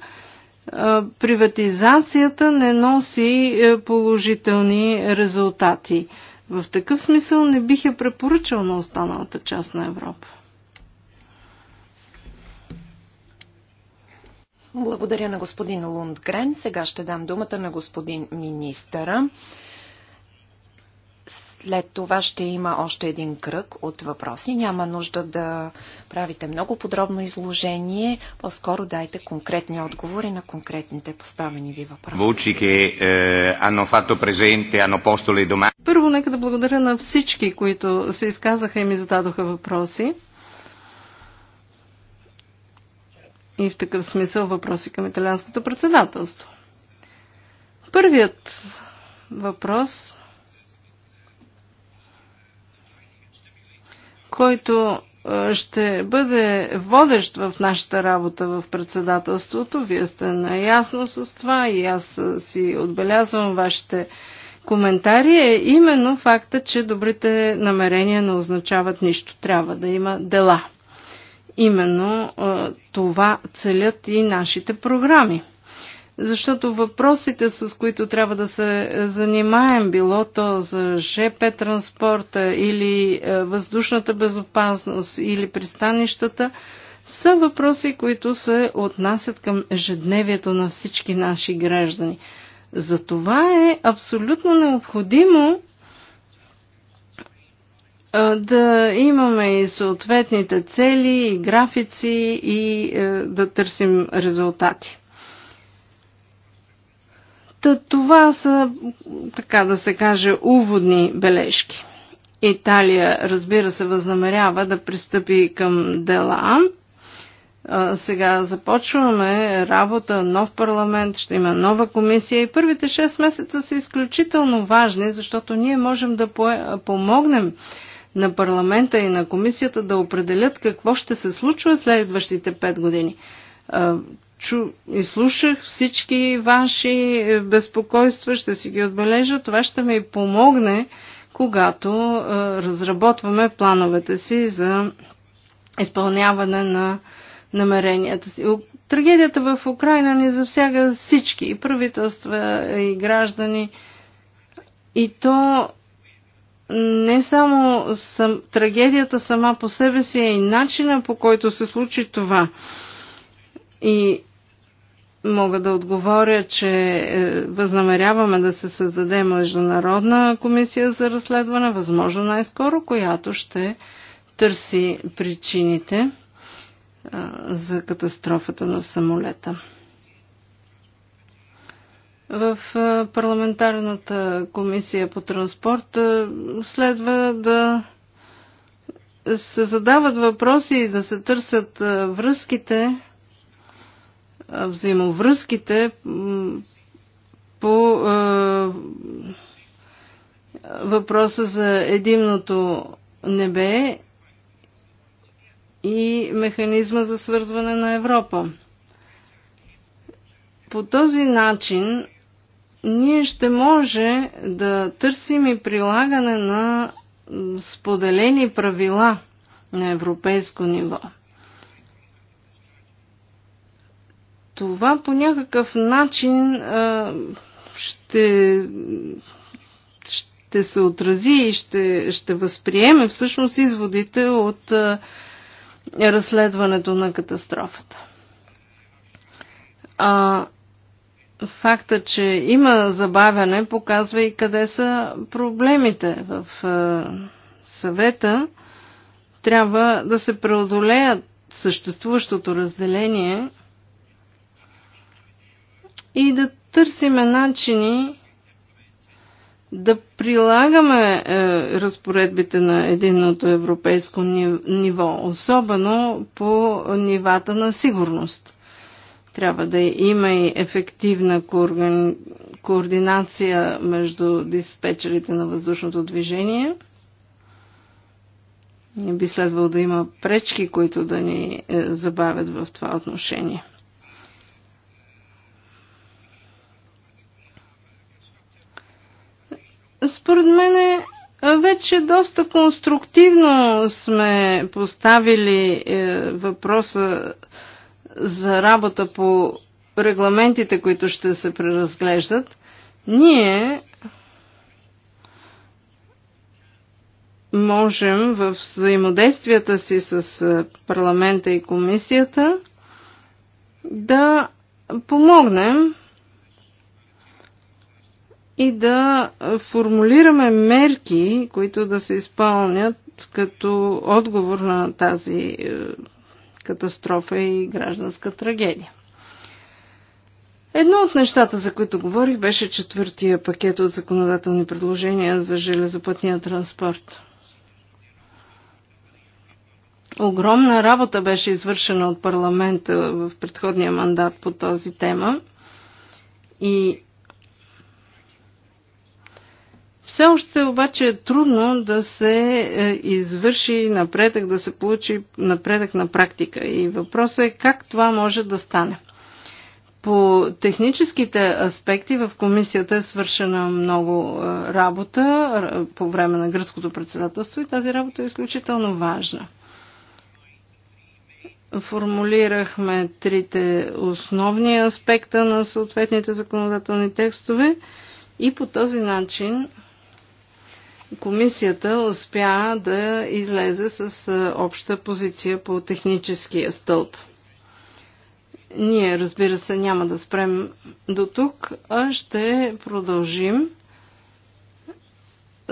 приватизацията не носи положителни резултати. В такъв смисъл не бих я препоръчал на останалата част на Европа. Благодаря на господин Лундгрен. Сега ще дам думата на господин министъра. След това ще има още един кръг от въпроси. Няма нужда да правите много подробно изложение. По-скоро дайте конкретни отговори на конкретните поставени ви въпроси. Eh, Първо нека да благодаря на всички, които се изказаха и ми зададоха въпроси. и в такъв смисъл въпроси към италианското председателство. Първият въпрос, който ще бъде водещ в нашата работа в председателството. Вие сте наясно с това и аз си отбелязвам вашите коментари. Е именно факта, че добрите намерения не означават нищо. Трябва да има дела. Именно това целят и нашите програми. Защото въпросите, с които трябва да се занимаем, било то за ЖП транспорта или въздушната безопасност или пристанищата, са въпроси, които се отнасят към ежедневието на всички наши граждани. Затова е абсолютно необходимо да имаме и съответните цели, и графици, и е, да търсим резултати. Та това са, така да се каже, уводни бележки. Италия, разбира се, възнамерява да пристъпи към дела. Сега започваме работа, нов парламент, ще има нова комисия и първите 6 месеца са изключително важни, защото ние можем да помогнем на парламента и на комисията да определят какво ще се случва следващите 5 години. Чу, слушах всички ваши е, безпокойства, ще си ги отбележа. Това ще ми помогне, когато е, разработваме плановете си за изпълняване на намеренията си. Трагедията в Украина ни засяга всички, и правителства, и граждани. И то не само съм, трагедията сама по себе си, а и начина по който се случи това. И мога да отговоря, че е, възнамеряваме да се създаде Международна комисия за разследване, възможно най-скоро, която ще търси причините за катастрофата на самолета в парламентарната комисия по транспорт следва да се задават въпроси и да се търсят връзките, взаимовръзките по въпроса за единното небе и механизма за свързване на Европа. По този начин ние ще може да търсим и прилагане на споделени правила на европейско ниво. Това по някакъв начин а, ще, ще се отрази и ще, ще възприеме всъщност изводите от а, разследването на катастрофата. А, факта, че има забавяне, показва и къде са проблемите в е, съвета. Трябва да се преодолеят съществуващото разделение и да търсиме начини да прилагаме е, разпоредбите на единното европейско ниво, особено по нивата на сигурност. Трябва да има и ефективна координация между диспетчерите на въздушното движение. Не би следвало да има пречки, които да ни е, забавят в това отношение. Според мен е, вече доста конструктивно сме поставили е, въпроса за работа по регламентите, които ще се преразглеждат, ние можем в взаимодействията си с е, парламента и комисията да помогнем и да формулираме мерки, които да се изпълнят като отговор на тази е, катастрофа и гражданска трагедия. Едно от нещата, за които говорих, беше четвъртия пакет от законодателни предложения за железопътния транспорт. Огромна работа беше извършена от парламента в предходния мандат по този тема и все още обаче е трудно да се е, извърши напредък, да се получи напредък на практика. И въпросът е как това може да стане. По техническите аспекти в комисията е свършена много е, работа по време на гръцкото председателство и тази работа е изключително важна. Формулирахме трите основни аспекта на съответните законодателни текстове и по този начин комисията успя да излезе с обща позиция по техническия стълб. Ние, разбира се, няма да спрем до тук, а ще продължим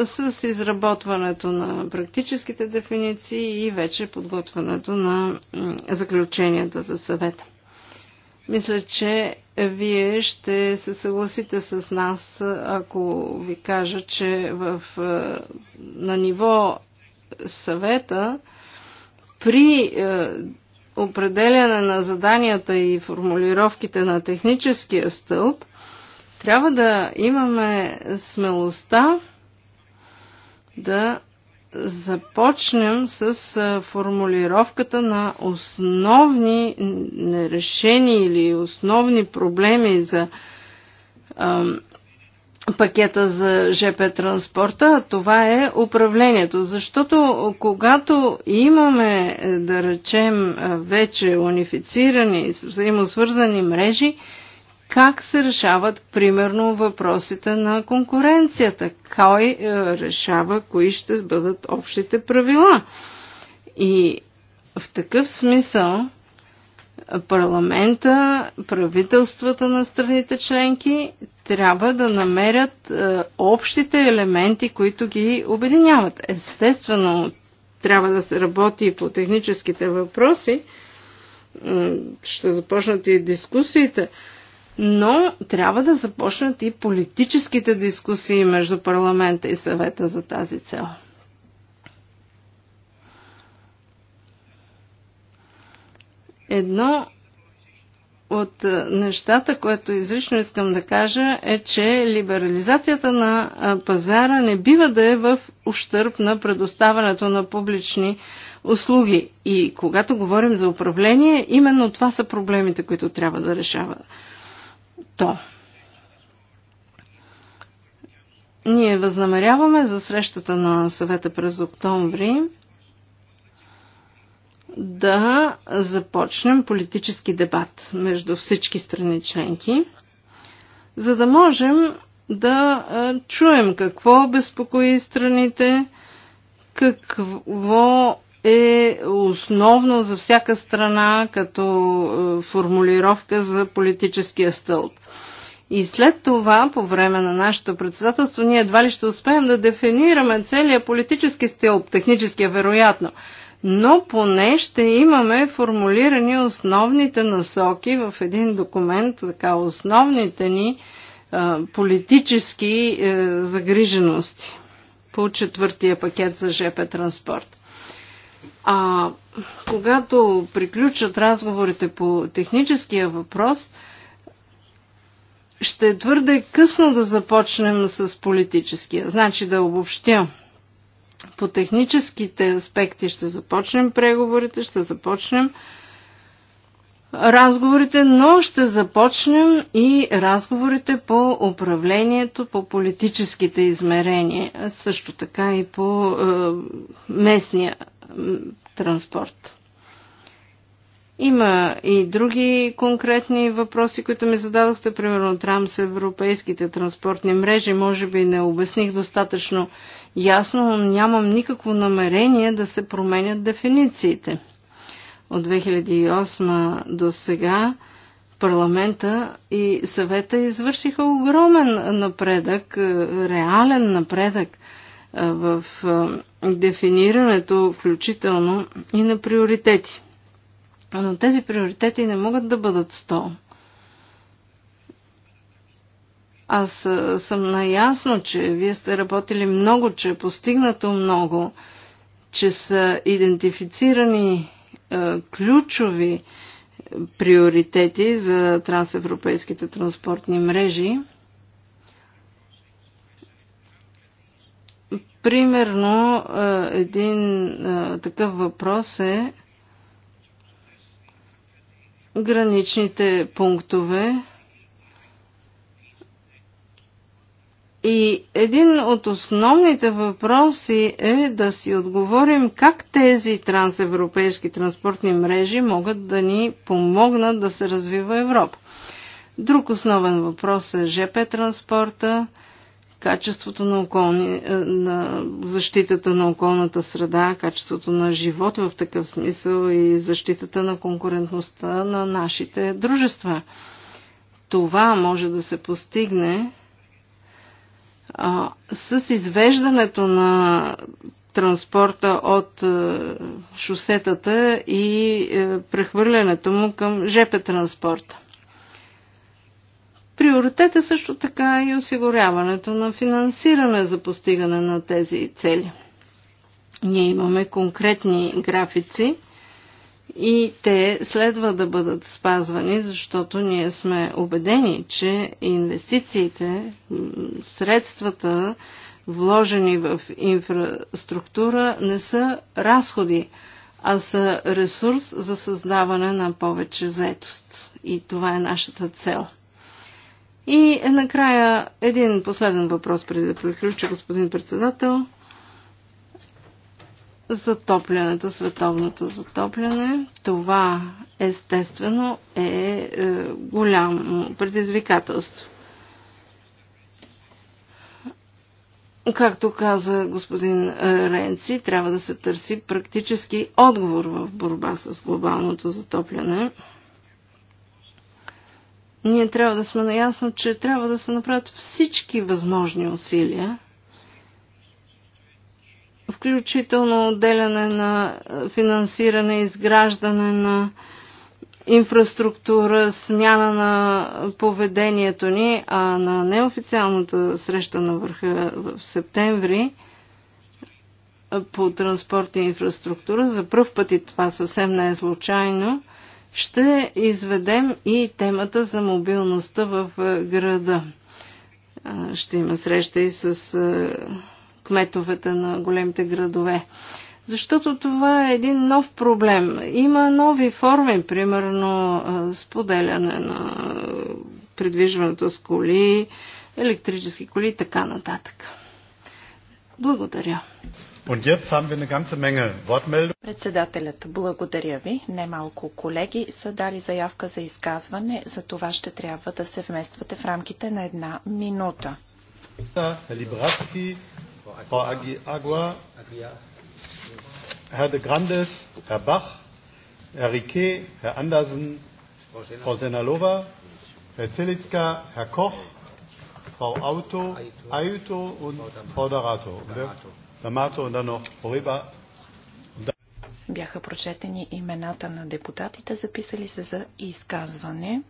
с изработването на практическите дефиниции и вече подготвянето на заключенията за съвета. Мисля, че вие ще се съгласите с нас, ако ви кажа, че в, е, на ниво съвета при е, определяне на заданията и формулировките на техническия стълб трябва да имаме смелостта да започнем с формулировката на основни решения или основни проблеми за пакета за ЖП транспорта, това е управлението. Защото когато имаме, е, да речем, вече унифицирани, взаимосвързани мрежи, как се решават, примерно, въпросите на конкуренцията. Кой е, решава кои ще бъдат общите правила. И в такъв смисъл парламента, правителствата на страните членки трябва да намерят е, общите елементи, които ги обединяват. Естествено, трябва да се работи по техническите въпроси. Ще започнат и дискусиите но трябва да започнат и политическите дискусии между парламента и съвета за тази цел. Едно от е, нещата, което изрично искам да кажа, е, че либерализацията на е, пазара не бива да е в ущърп на предоставянето на публични услуги. И когато говорим за управление, именно това са проблемите, които трябва да решават то. Ние възнамеряваме за срещата на съвета през октомври да започнем политически дебат между всички страни членки, за да можем да чуем какво безпокои страните, какво е основно за всяка страна като е, формулировка за политическия стълб. И след това, по време на нашето председателство, ние едва ли ще успеем да дефинираме целият политически стълб, техническия вероятно. Но поне ще имаме формулирани основните насоки в един документ, така основните ни е, политически е, загрижености по четвъртия пакет за ЖП транспорт. А когато приключат разговорите по техническия въпрос, ще е твърде късно да започнем с политическия. Значи да обобщя. По техническите аспекти ще започнем преговорите, ще започнем разговорите, но ще започнем и разговорите по управлението, по политическите измерения, също така и по е, местния транспорт. Има и други конкретни въпроси, които ми зададохте, примерно трам с европейските транспортни мрежи. Може би не обясних достатъчно ясно, но нямам никакво намерение да се променят дефинициите. От 2008 до сега парламента и съвета извършиха огромен напредък, реален напредък – в дефинирането, включително и на приоритети. Но тези приоритети не могат да бъдат 100. Аз съм наясно, че вие сте работили много, че е постигнато много, че са идентифицирани е, ключови приоритети за трансевропейските транспортни мрежи. Примерно, е, един е, такъв въпрос е граничните пунктове. И един от основните въпроси е да си отговорим как тези трансевропейски транспортни мрежи могат да ни помогнат да се развива Европа. Друг основен въпрос е ЖП транспорта – качеството на, околни, е, на защитата на околната среда, качеството на живот в такъв смисъл и защитата на конкурентността на нашите дружества. Това може да се постигне а, с извеждането на транспорта от а, е, шосетата и а, е, прехвърлянето му към ЖП транспорта. Приоритет е също така и осигуряването на финансиране за постигане на тези цели. Ние имаме конкретни графици и те следва да бъдат спазвани, защото ние сме убедени, че инвестициите, средствата, вложени в инфраструктура, не са разходи, а са ресурс за създаване на повече заетост. И това е нашата цел – и накрая един последен въпрос, преди да приключа, господин председател. Затоплянето, световното затопляне, това естествено е, е голямо предизвикателство. Както каза господин Ренци, трябва да се търси практически отговор в борба с глобалното затопляне. Ние трябва да сме наясно, че трябва да се направят всички възможни усилия, включително отделяне на финансиране, изграждане на инфраструктура, смяна на поведението ни, а на неофициалната среща на върха в септември по транспорт и инфраструктура, за първ път и това съвсем не е случайно, ще изведем и темата за мобилността в е, града. Ще има среща и с е, кметовете на големите градове. Защото това е един нов проблем. Има нови форми, примерно е, споделяне на придвижването с коли, електрически коли и така нататък. Благодаря. Председателят, благодаря ви. Немалко колеги са дали заявка за изказване, за това ще трябва да се вмествате в рамките на една минута. Herr de Grandes, Herr Bach, Herr Riquet, Herr Andersen, Frau Senalova, Herr Zelitska, Herr Koch, Frau Auto, Aiuto und Frau D'Arato. Бяха прочетени имената на депутатите, записали се за изказване.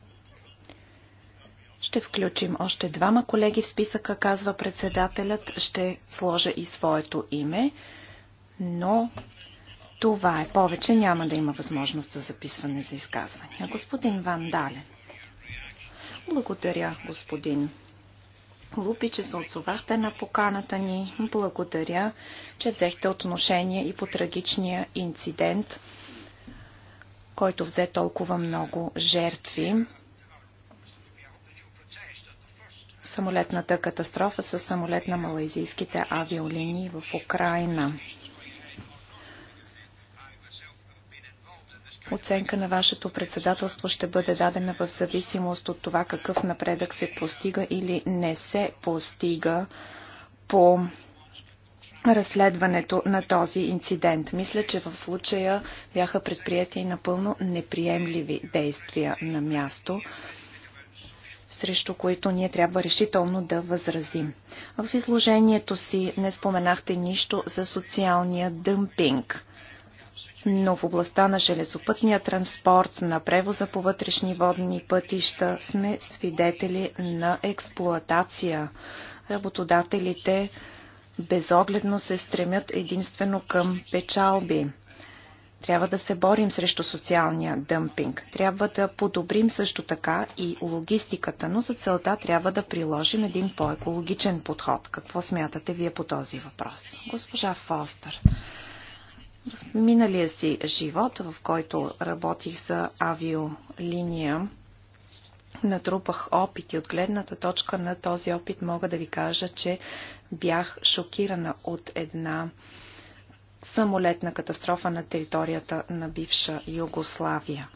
Ще включим още двама колеги в списъка, казва председателят. Ще сложа и своето име, но това е. Повече няма да има възможност за записване за изказвания. Господин Ван Дален. Благодаря, господин Глупи, че се отзовахте на поканата ни. Благодаря, че взехте отношение и по трагичния инцидент, който взе толкова много жертви. Самолетната катастрофа с самолет на малайзийските авиолинии в Украина. Оценка на вашето председателство ще бъде дадена в зависимост от това какъв напредък се постига или не се постига по разследването на този инцидент. Мисля, че в случая бяха предприяти напълно неприемливи действия на място срещу които ние трябва решително да възразим. В изложението си не споменахте нищо за социалния дъмпинг но в областта на железопътния транспорт, на превоза по вътрешни водни пътища сме свидетели на експлоатация. Работодателите безогледно се стремят единствено към печалби. Трябва да се борим срещу социалния дъмпинг. Трябва да подобрим също така и логистиката, но за целта трябва да приложим един по-екологичен подход. Какво смятате вие по този въпрос? Госпожа Фостер. В миналия си живот, в който работих за авиолиния, натрупах опит и от гледната точка на този опит мога да ви кажа, че бях шокирана от една самолетна катастрофа на територията на бивша Югославия.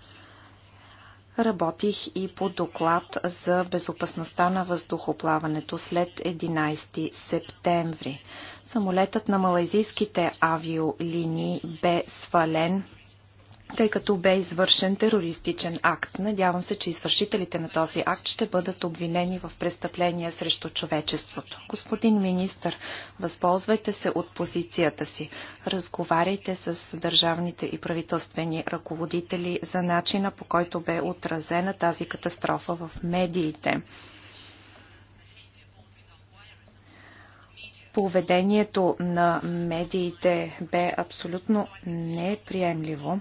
Работих и по доклад за безопасността на въздухоплаването след 11 септември. Самолетът на малайзийските авиолинии бе свален тъй като бе извършен терористичен акт. Надявам се, че извършителите на този акт ще бъдат обвинени в престъпления срещу човечеството. Господин министр, възползвайте се от позицията си. Разговаряйте с държавните и правителствени ръководители за начина по който бе отразена тази катастрофа в медиите. поведението на медиите бе абсолютно неприемливо,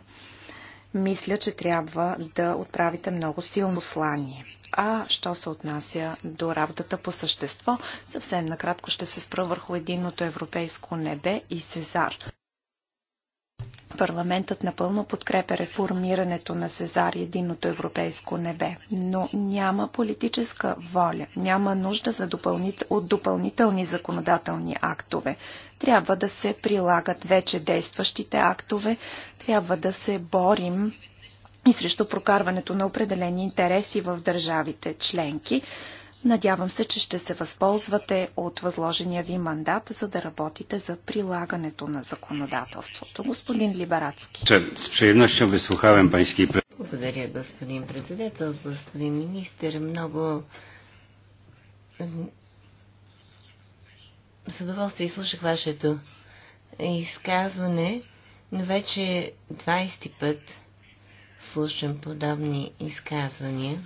мисля, че трябва да отправите много силно слание. А що се отнася до работата по същество, съвсем накратко ще се спра върху единното европейско небе и Сезар. Парламентът напълно подкрепя реформирането на Сезар единното европейско небе, но няма политическа воля, няма нужда за допълнит... от допълнителни законодателни актове. Трябва да се прилагат вече действащите актове, трябва да се борим и срещу прокарването на определени интереси в държавите членки. Надявам се, че ще се възползвате от възложения ви мандат, за да работите за прилагането на законодателството. Господин Либарацки. Благодаря, господин председател, господин министр. Много с удоволствие слушах вашето изказване, но вече 20 път слушам подобни изказвания.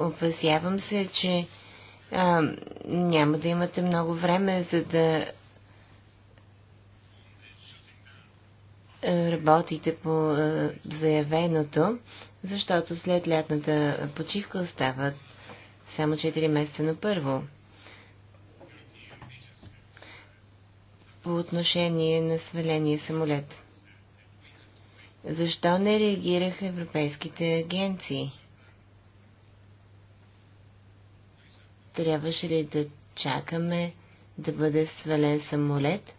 опасявам се, че а, няма да имате много време, за да работите по а, заявеното, защото след лятната почивка остават само 4 месеца на първо. По отношение на сваления самолет. Защо не реагираха европейските агенции? Трябваше ли да чакаме да бъде свален самолет?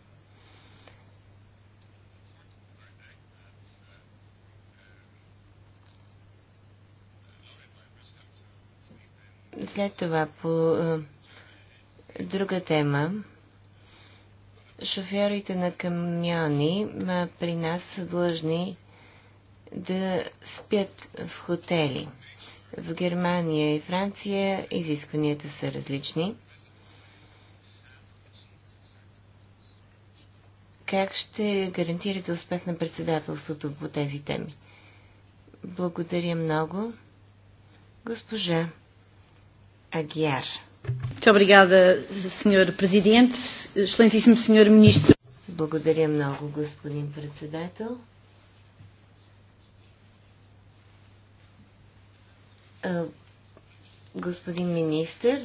След това по а, друга тема. Шофьорите на камиони ма, при нас са длъжни да спят в хотели. В Германия и Франция изискванията са различни. Как ще гарантирате успех на председателството по тези теми? Благодаря много. Госпожа Агиар. Благодаря много, господин председател. господин министр.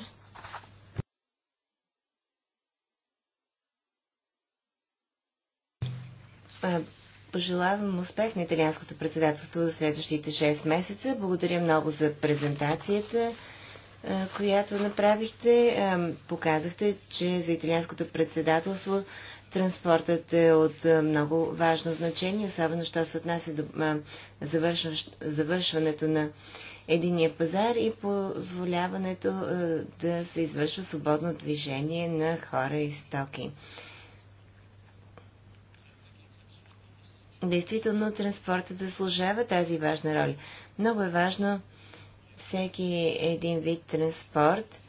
Пожелавам успех на италианското председателство за следващите 6 месеца. Благодаря много за презентацията, която направихте. Показахте, че за италианското председателство Транспортът е от е, много важно значение, особено що се отнася до е, завършването на единия пазар и позволяването е, да се извършва свободно движение на хора и стоки. Действително транспортът заслужава тази важна роля. Много е важно всеки един вид транспорт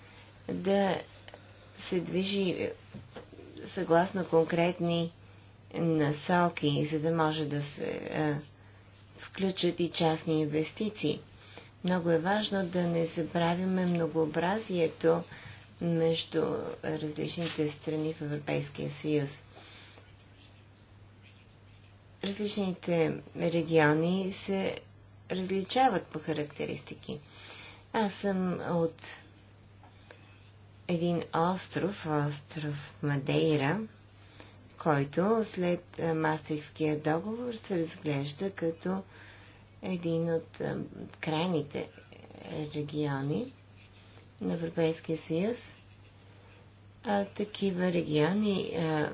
да се движи съгласно конкретни насоки, за да може да се а, включат и частни инвестиции. Много е важно да не забравяме многообразието между различните страни в Европейския съюз. Различните региони се различават по характеристики. Аз съм от един остров, остров Мадейра, който след Мастрихския договор се разглежда като един от крайните региони на Европейския съюз. А, такива региони а,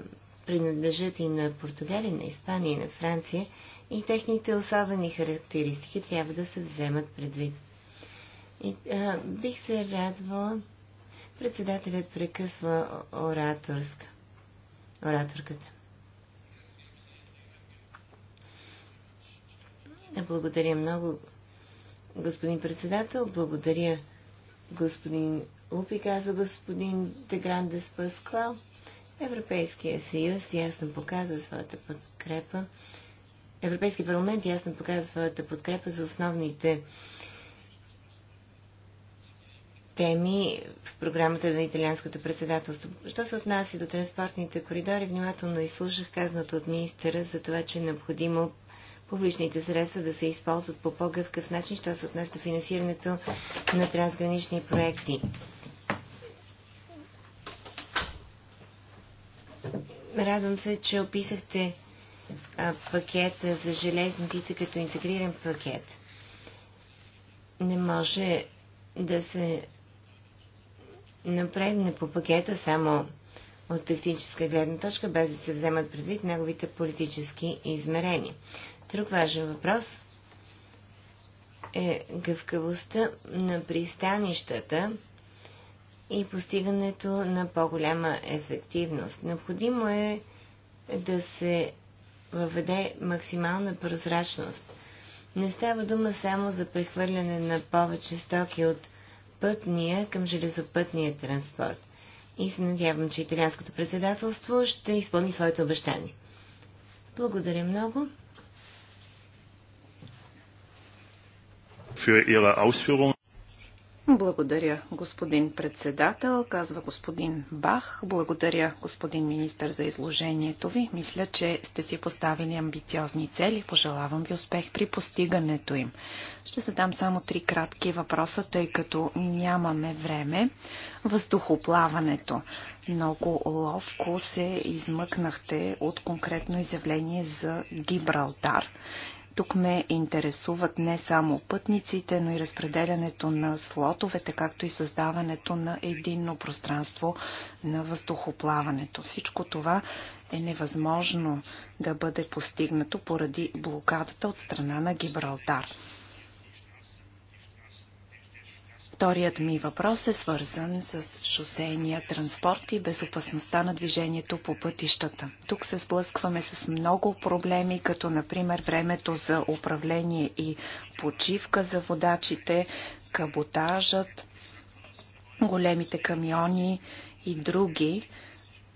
принадлежат и на Португалия, на Испания и на Франция и техните особени характеристики трябва да се вземат предвид. И, а, бих се радвала Председателят прекъсва ораторска. Ораторката. Благодаря много, господин председател. Благодаря, господин Лупи, каза господин Дегран Деспасквал. Европейския съюз ясно показа своята подкрепа. Европейски парламент ясно показа своята подкрепа за основните теми в програмата на италианското председателство. Що се отнася до транспортните коридори, внимателно изслушах казаното от министъра за това, че е необходимо публичните средства да се използват по по-гъвкав начин, що се отнася до финансирането на трансгранични проекти. Радвам се, че описахте пакета за железниците като интегриран пакет. Не може да се напредне по пакета само от тактическа гледна точка, без да се вземат предвид неговите политически измерения. Друг важен въпрос е гъвкавостта на пристанищата и постигането на по-голяма ефективност. Необходимо е да се въведе максимална прозрачност. Не става дума само за прехвърляне на повече стоки от пътния към железопътния транспорт. И се надявам, че италианското председателство ще изпълни своите обещания. Благодаря много. Благодаря, господин председател, казва господин Бах. Благодаря, господин министр, за изложението ви. Мисля, че сте си поставили амбициозни цели. Пожелавам ви успех при постигането им. Ще задам само три кратки въпроса, тъй като нямаме време. Въздухоплаването. Много ловко се измъкнахте от конкретно изявление за Гибралтар. Тук ме интересуват не само пътниците, но и разпределянето на слотовете, както и създаването на единно пространство на въздухоплаването. Всичко това е невъзможно да бъде постигнато поради блокадата от страна на Гибралтар. Вторият ми въпрос е свързан с шосейния транспорт и безопасността на движението по пътищата. Тук се сблъскваме с много проблеми, като например времето за управление и почивка за водачите, каботажът, големите камиони и други.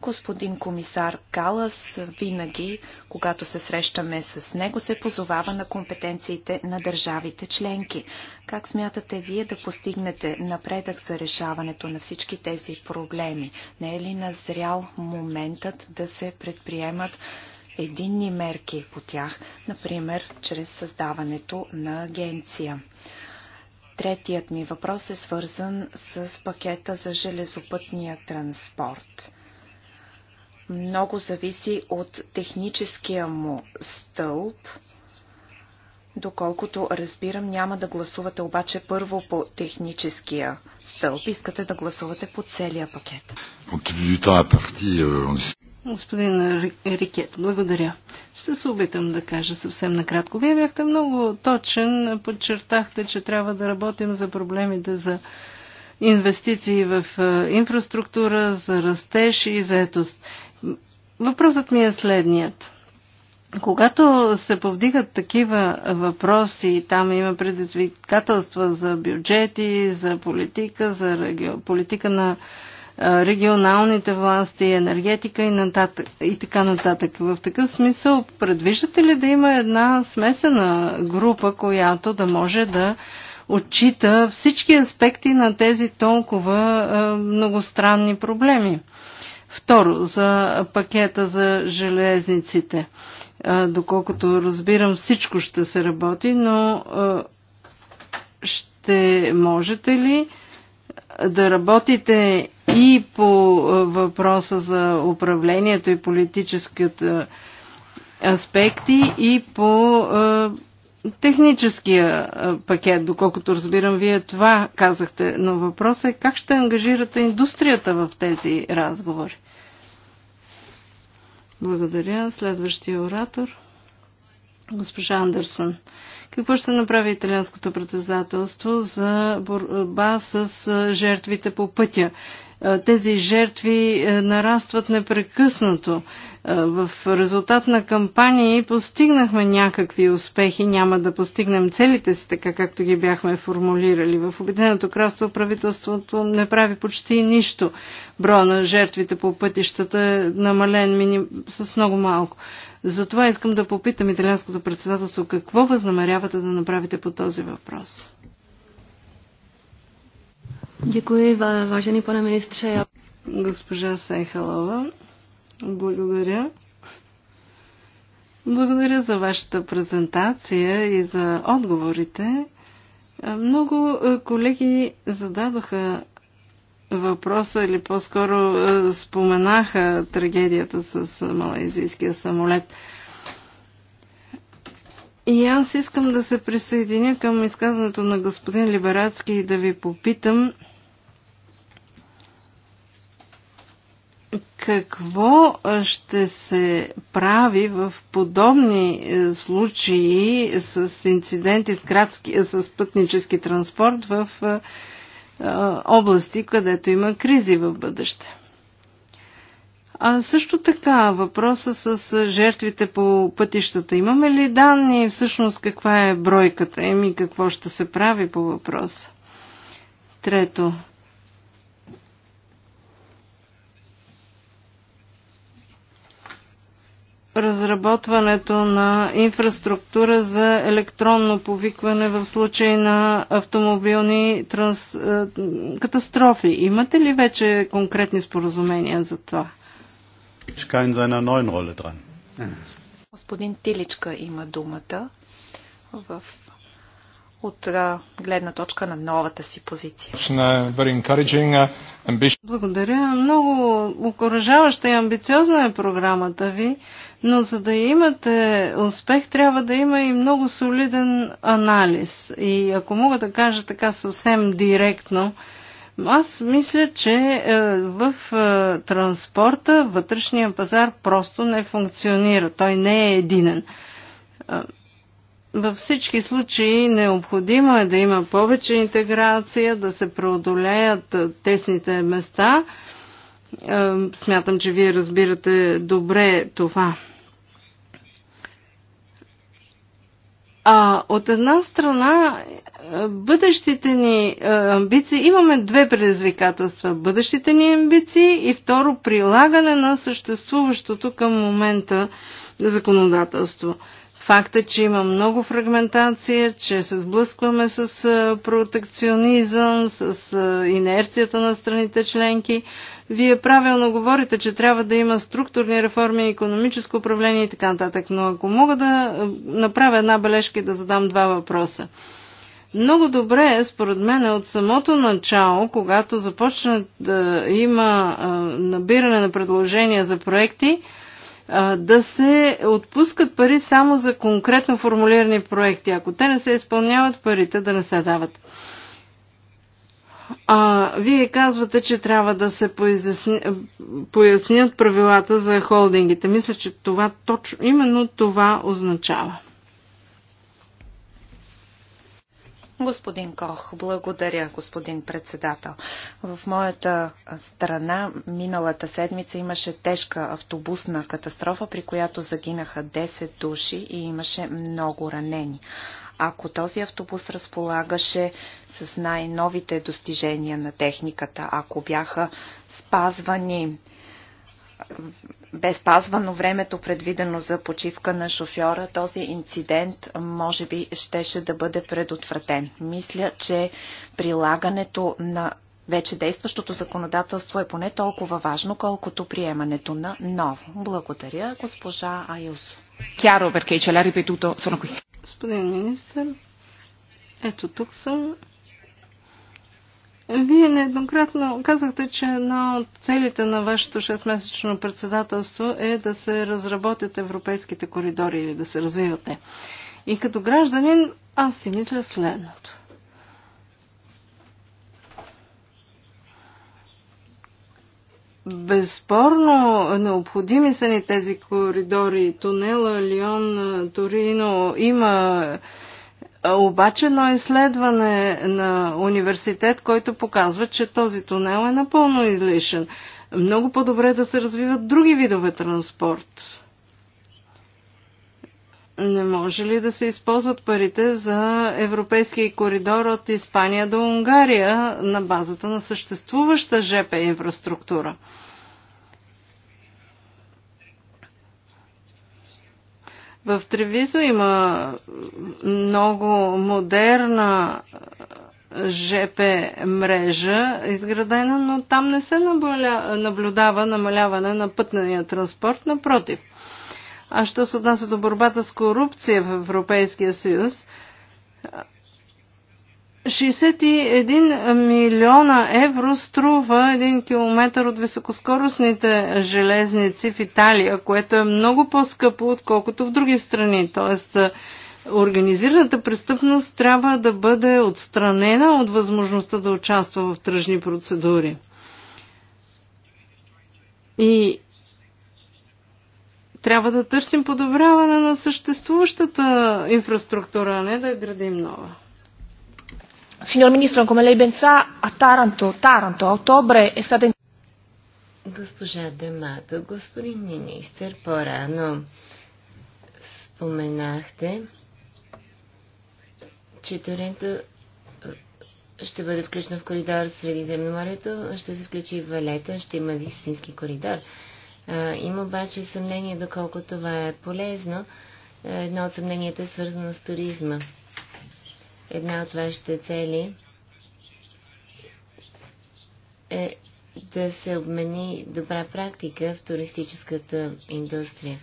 Господин комисар Калас винаги, когато се срещаме с него, се позовава на компетенциите на държавите членки. Как смятате вие да постигнете напредък за решаването на всички тези проблеми? Не е ли назрял моментът да се предприемат единни мерки по тях, например чрез създаването на агенция? Третият ми въпрос е свързан с пакета за железопътния транспорт. Много зависи от техническия му стълб. Доколкото разбирам, няма да гласувате обаче първо по техническия стълб. Искате да гласувате по целия пакет. Е, Господин Рикет, благодаря. Ще се опитам да кажа съвсем накратко. Вие бяхте много точен. Подчертахте, че трябва да работим за проблемите за инвестиции в е, инфраструктура, за растеж и заетост. Въпросът ми е следният. Когато се повдигат такива въпроси, там има предизвикателства за бюджети, за политика, за политика на регионалните власти, енергетика и, нататък, и така нататък. В такъв смисъл, предвиждате ли да има една смесена група, която да може да отчита всички аспекти на тези толкова многостранни проблеми? Второ, за пакета за железниците. Доколкото разбирам, всичко ще се работи, но ще можете ли да работите и по въпроса за управлението и политическите аспекти и по техническия пакет, доколкото разбирам, вие това казахте, но въпросът е как ще ангажирате индустрията в тези разговори? Благодаря. Следващия оратор. Госпожа Андерсон. Какво ще направи италианското председателство за борба с жертвите по пътя? Е, тези жертви е, нарастват непрекъснато. Е, в резултат на кампании постигнахме някакви успехи, няма да постигнем целите си така, както ги бяхме формулирали. В Обединеното кралство правителството не прави почти нищо. Броя на жертвите по пътищата е намален мини... с много малко. Затова искам да попитам италианското председателство какво възнамерявате да направите по този въпрос. Děkuji, vážený pane ministře. Госпожа Сайхалова, благодаря. Благодаря за вашата презентация и за отговорите. Много е, колеги зададоха въпроса или по-скоро е, споменаха трагедията с малайзийския самолет. И аз искам да се присъединя към изказването на господин Либерацки и да ви попитам какво ще се прави в подобни е, случаи с инциденти с, градски, е, с пътнически транспорт в е, области, където има кризи в бъдеще? А също така, въпроса с жертвите по пътищата. Имаме ли данни всъщност каква е бройката им и какво ще се прави по въпроса? Трето, разработването на инфраструктура за електронно повикване в случай на автомобилни транс... Е, катастрофи. Имате ли вече конкретни споразумения за това? Господин Тиличка има думата в от гледна точка на новата си позиция. Е Благодаря. Много окоръжаваща и амбициозна е програмата ви, но за да имате успех, трябва да има и много солиден анализ. И ако мога да кажа така съвсем директно, аз мисля, че е, в е, транспорта вътрешния пазар просто не функционира. Той не е единен във всички случаи необходимо е да има повече интеграция, да се преодолеят тесните места. Смятам, че вие разбирате добре това. А от една страна, бъдещите ни амбиции, имаме две предизвикателства. Бъдещите ни амбиции и второ, прилагане на съществуващото към момента законодателство. Факта, е, че има много фрагментация, че се сблъскваме с протекционизъм, с инерцията на страните членки. Вие правилно говорите, че трябва да има структурни реформи, економическо управление и така нататък. Но ако мога да направя една бележка и да задам два въпроса. Много добре е, според мен, е от самото начало, когато започне да има набиране на предложения за проекти, да се отпускат пари само за конкретно формулирани проекти. Ако те не се изпълняват, парите да не се дават. А, вие казвате, че трябва да се поясни, пояснят правилата за холдингите. Мисля, че това точно, именно това означава. Господин Кох, благодаря, господин председател. В моята страна миналата седмица имаше тежка автобусна катастрофа, при която загинаха 10 души и имаше много ранени. Ако този автобус разполагаше с най-новите достижения на техниката, ако бяха спазвани бе спазвано времето предвидено за почивка на шофьора, този инцидент може би щеше да бъде предотвратен. Мисля, че прилагането на вече действащото законодателство е поне толкова важно, колкото приемането на ново. Благодаря, госпожа Айосо. Кяро perché ce l'ha Господин министр, ето тук съм. Вие нееднократно казахте, че една от целите на вашето 6-месечно председателство е да се разработят европейските коридори или да се развивате. И като гражданин аз си мисля следното. Безспорно необходими са ни тези коридори. Тунела, Лион, Торино. Има обаче едно изследване на университет, който показва, че този тунел е напълно излишен. Много по-добре е да се развиват други видове транспорт. Не може ли да се използват парите за европейския коридор от Испания до Унгария на базата на съществуваща ЖП инфраструктура? В Тревизо има много модерна ЖП мрежа изградена, но там не се наблюдава намаляване на пътния транспорт, напротив. А що се отнася до борбата с корупция в Европейския съюз, 61 милиона евро струва един километър от високоскоростните железници в Италия, което е много по-скъпо, отколкото в други страни. Тоест, организираната престъпност трябва да бъде отстранена от възможността да участва в тръжни процедури. И трябва да търсим подобряване на съществуващата инфраструктура, а не да градим нова. Signor Ministro, come lei ben sa, a Taranto, Taranto a ottobre è stata... Госпожа Дамато, господин министр, по-рано споменахте, че Торенто е, ще бъде включено в коридор Средиземноморието, ще се включи в Валета, ще има истински коридор. има обаче съмнение доколко това е полезно. Е, едно от съмненията е свързано с туризма. Една от вашите цели е да се обмени добра практика в туристическата индустрия.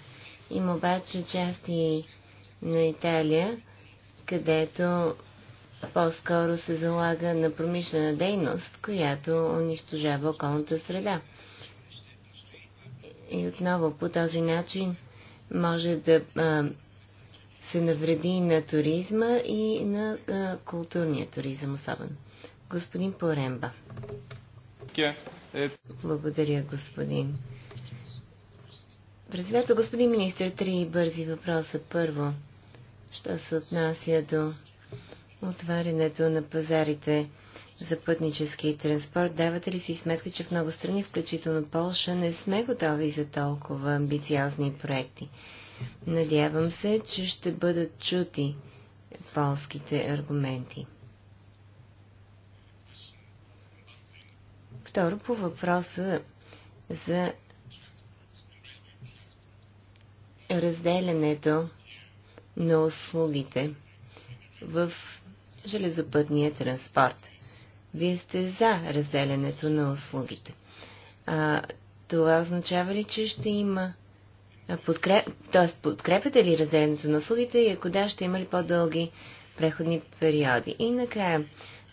Има обаче части на Италия, където по-скоро се залага на промишлена дейност, която унищожава околната среда. И отново по този начин може да а, се навреди на туризма и на а, културния туризъм особено. Господин Поремба. Благодаря, господин. Председател, господин министр, три бързи въпроса. Първо, що се отнася до отварянето на пазарите за пътнически транспорт, давате ли си сметка, че в много страни, включително Полша, не сме готови за толкова амбициозни проекти? Надявам се, че ще бъдат чути полските аргументи. Второ, по въпроса за разделянето на услугите в железопътния транспорт. Вие сте за разделянето на услугите. А, това означава ли, че ще има Подкреп... подкрепяте ли разделянето на услугите и ако да, ще има ли по-дълги преходни периоди? И накрая,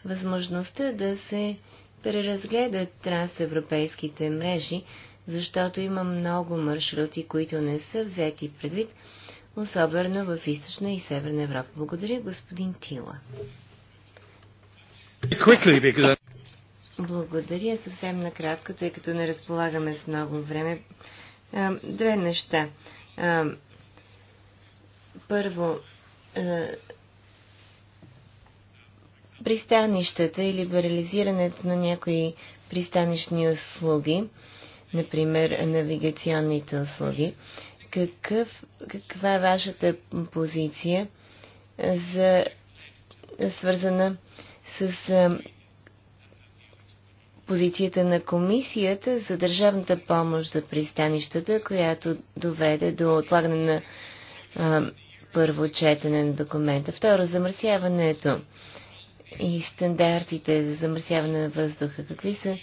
възможността да се преразгледат трансевропейските мрежи, защото има много маршрути, които не са взети предвид, особено в източна и северна Европа. Благодаря, господин Тила. Благодаря съвсем накратко, тъй като не разполагаме с много време. Две неща. Първо, пристанищата и либерализирането на някои пристанищни услуги, например навигационните услуги. Какъв, каква е вашата позиция за свързана с позицията на комисията за държавната помощ за пристанищата, която доведе до отлагане на а, първо четене на документа. Второ, замърсяването и стандартите за замърсяване на въздуха. Какви са,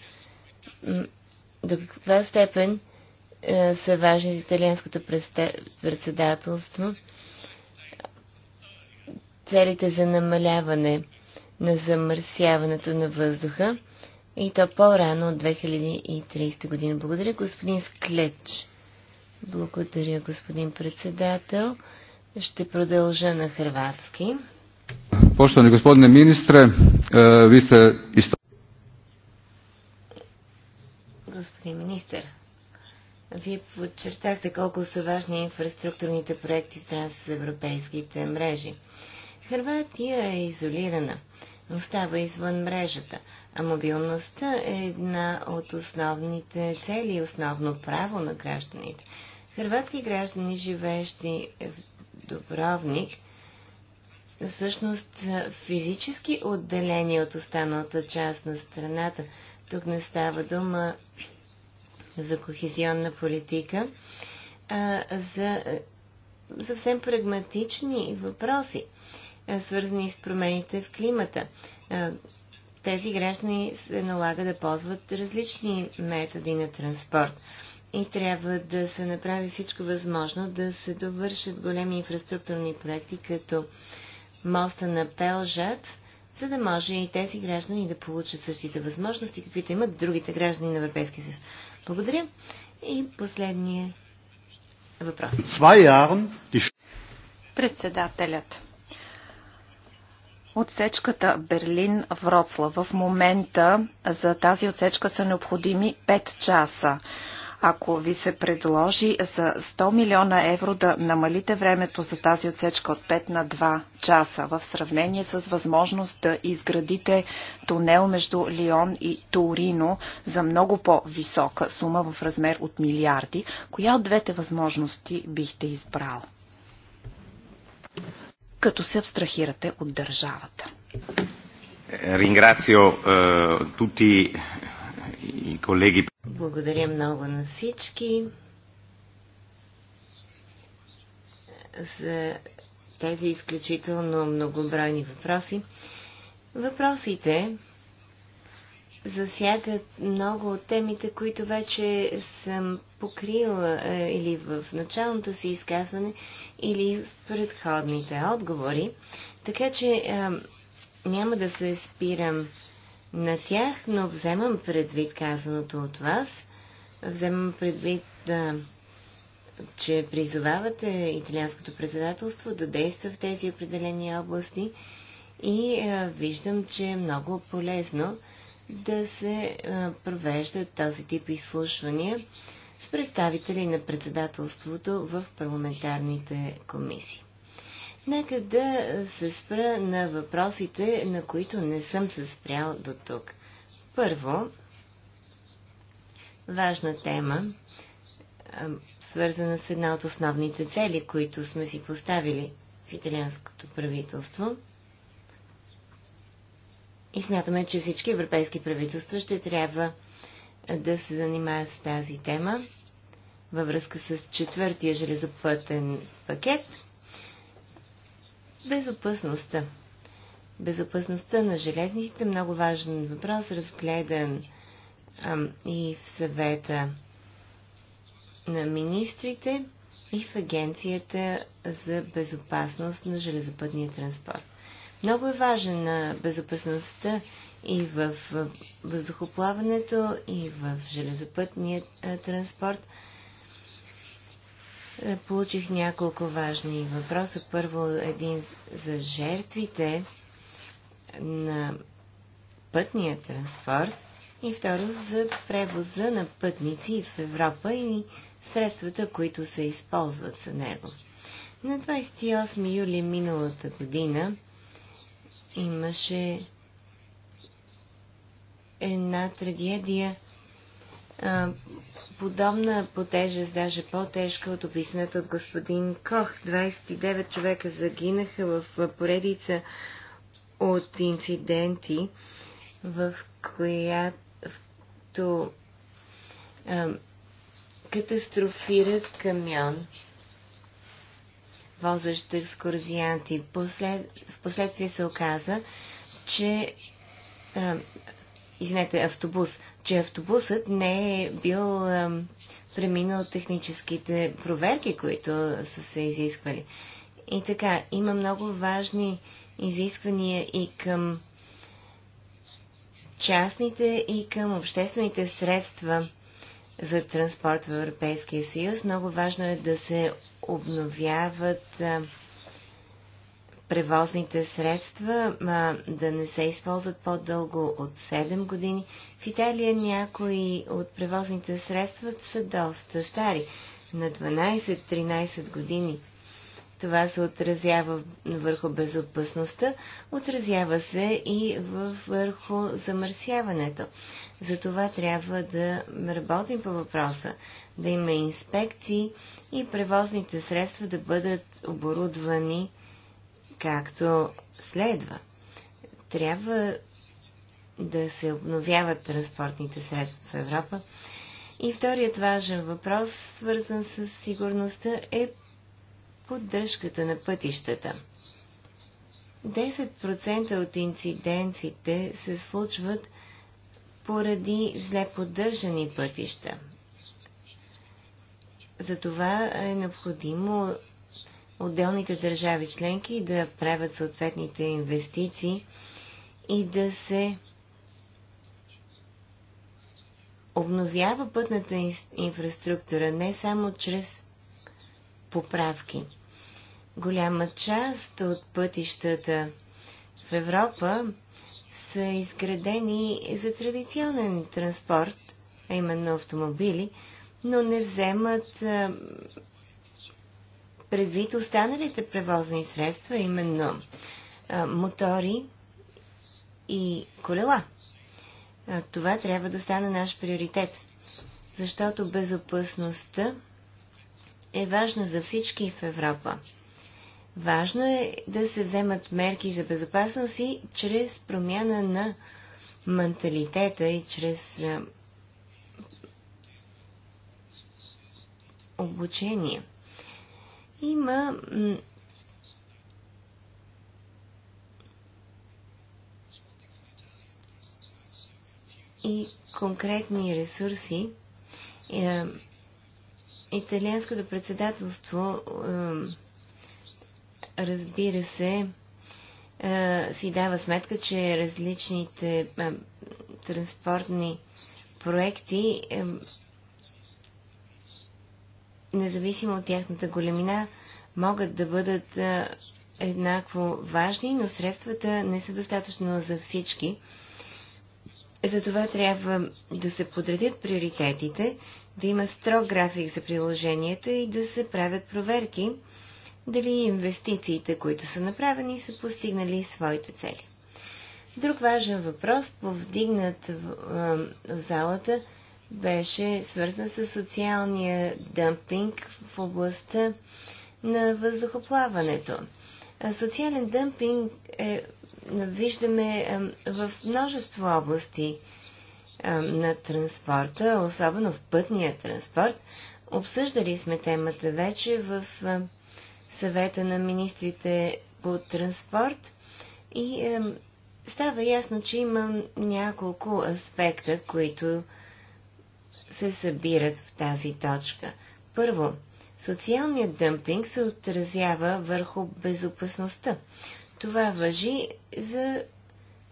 до каква степен а, са важни за италианското председателство целите за намаляване на замърсяването на въздуха? и то по-рано от 2030 година. Благодаря, господин Склеч. Благодаря, господин председател. Ще продължа на хрватски. господине министре, е, ви сте ste Господин министр, вие подчертахте колко са важни инфраструктурните проекти в трансевропейските мрежи. Хрватия е изолирана, остава извън мрежата. А мобилността е една от основните цели и основно право на гражданите. Хрватски граждани, живеещи в Добровник, всъщност физически отделени от останалата част на страната. Тук не става дума за кохезионна политика, а за съвсем прагматични въпроси, свързани с промените в климата тези граждани се налага да ползват различни методи на транспорт. И трябва да се направи всичко възможно да се довършат големи инфраструктурни проекти, като моста на Пелжат, за да може и тези граждани да получат същите възможности, каквито имат другите граждани на Европейския съюз. Благодаря. И последния въпрос. Председателят. Отсечката Берлин-Вроцлав. В момента за тази отсечка са необходими 5 часа. Ако ви се предложи за 100 милиона евро да намалите времето за тази отсечка от 5 на 2 часа в сравнение с възможност да изградите тунел между Лион и Торино за много по-висока сума в размер от милиарди, коя от двете възможности бихте избрал? като се абстрахирате от държавата. Ringrazio eh, tutti i colleghi. Благодаря много на всички за тези изключително многобройни въпроси. Въпросите, засягат много от темите, които вече съм покрила е, или в началното си изказване, или в предходните отговори. Така че е, няма да се спирам на тях, но вземам предвид казаното от вас. Вземам предвид, че призовавате италианското председателство да действа в тези определени области и е, виждам, че е много полезно да се провеждат този тип изслушвания с представители на председателството в парламентарните комисии. Нека да се спра на въпросите, на които не съм се спрял до тук. Първо, важна тема, свързана с една от основните цели, които сме си поставили в италианското правителство – и смятаме, че всички европейски правителства ще трябва да се занимаят с тази тема във връзка с четвъртия железопътен пакет. Безопасността. Безопасността на железниците много важен въпрос, разгледан ам, и в съвета на министрите и в Агенцията за безопасност на железопътния транспорт много е важна безопасността и в въздухоплаването, и в железопътния транспорт. Е, получих няколко важни въпроса. Първо един за жертвите на пътния транспорт и второ за превоза на пътници в Европа и средствата, които се използват за него. На 28 юли миналата година имаше една трагедия, а, подобна по тежест, даже по-тежка от описаната от господин Кох. 29 човека загинаха в поредица от инциденти, в която а, катастрофира камион возещ екскурзианти. Послед... Впоследствие се оказа, че а, извинете, автобус, че автобусът не е бил а, преминал техническите проверки, които са се изисквали. И така, има много важни изисквания и към частните, и към обществените средства за транспорт в Европейския съюз. Много важно е да се обновяват превозните средства, да не се използват по-дълго от 7 години. В Италия някои от превозните средства са доста стари, на 12-13 години. Това се отразява върху безопасността, отразява се и върху замърсяването. Затова трябва да работим по въпроса, да има инспекции и превозните средства да бъдат оборудвани както следва. Трябва да се обновяват транспортните средства в Европа. И вторият важен въпрос, свързан с сигурността, е поддръжката на пътищата. 10% от инцидентите се случват поради зле поддържани пътища. Затова е необходимо отделните държави членки да правят съответните инвестиции и да се обновява пътната инфраструктура не само чрез поправки. Голяма част от пътищата в Европа са изградени за традиционен транспорт, а именно автомобили, но не вземат предвид останалите превозни средства, именно мотори и колела. Това трябва да стане наш приоритет, защото безопасността е важна за всички в Европа. Важно е да се вземат мерки за безопасност и чрез промяна на менталитета и чрез обучение. Има и конкретни ресурси. Е, Италианското председателство, разбира се, си дава сметка, че различните транспортни проекти, независимо от тяхната големина, могат да бъдат еднакво важни, но средствата не са достатъчно за всички. Затова трябва да се подредят приоритетите, да има строг график за приложението и да се правят проверки дали инвестициите, които са направени, са постигнали своите цели. Друг важен въпрос, повдигнат в, в, в залата, беше свързан с социалния дъмпинг в областта на въздухоплаването. Социален дъмпинг е, виждаме в множество области на транспорта, особено в пътния транспорт. Обсъждали сме темата вече в съвета на министрите по транспорт и е, става ясно, че има няколко аспекта, които се събират в тази точка. Първо, Социалният дъмпинг се отразява върху безопасността. Това въжи за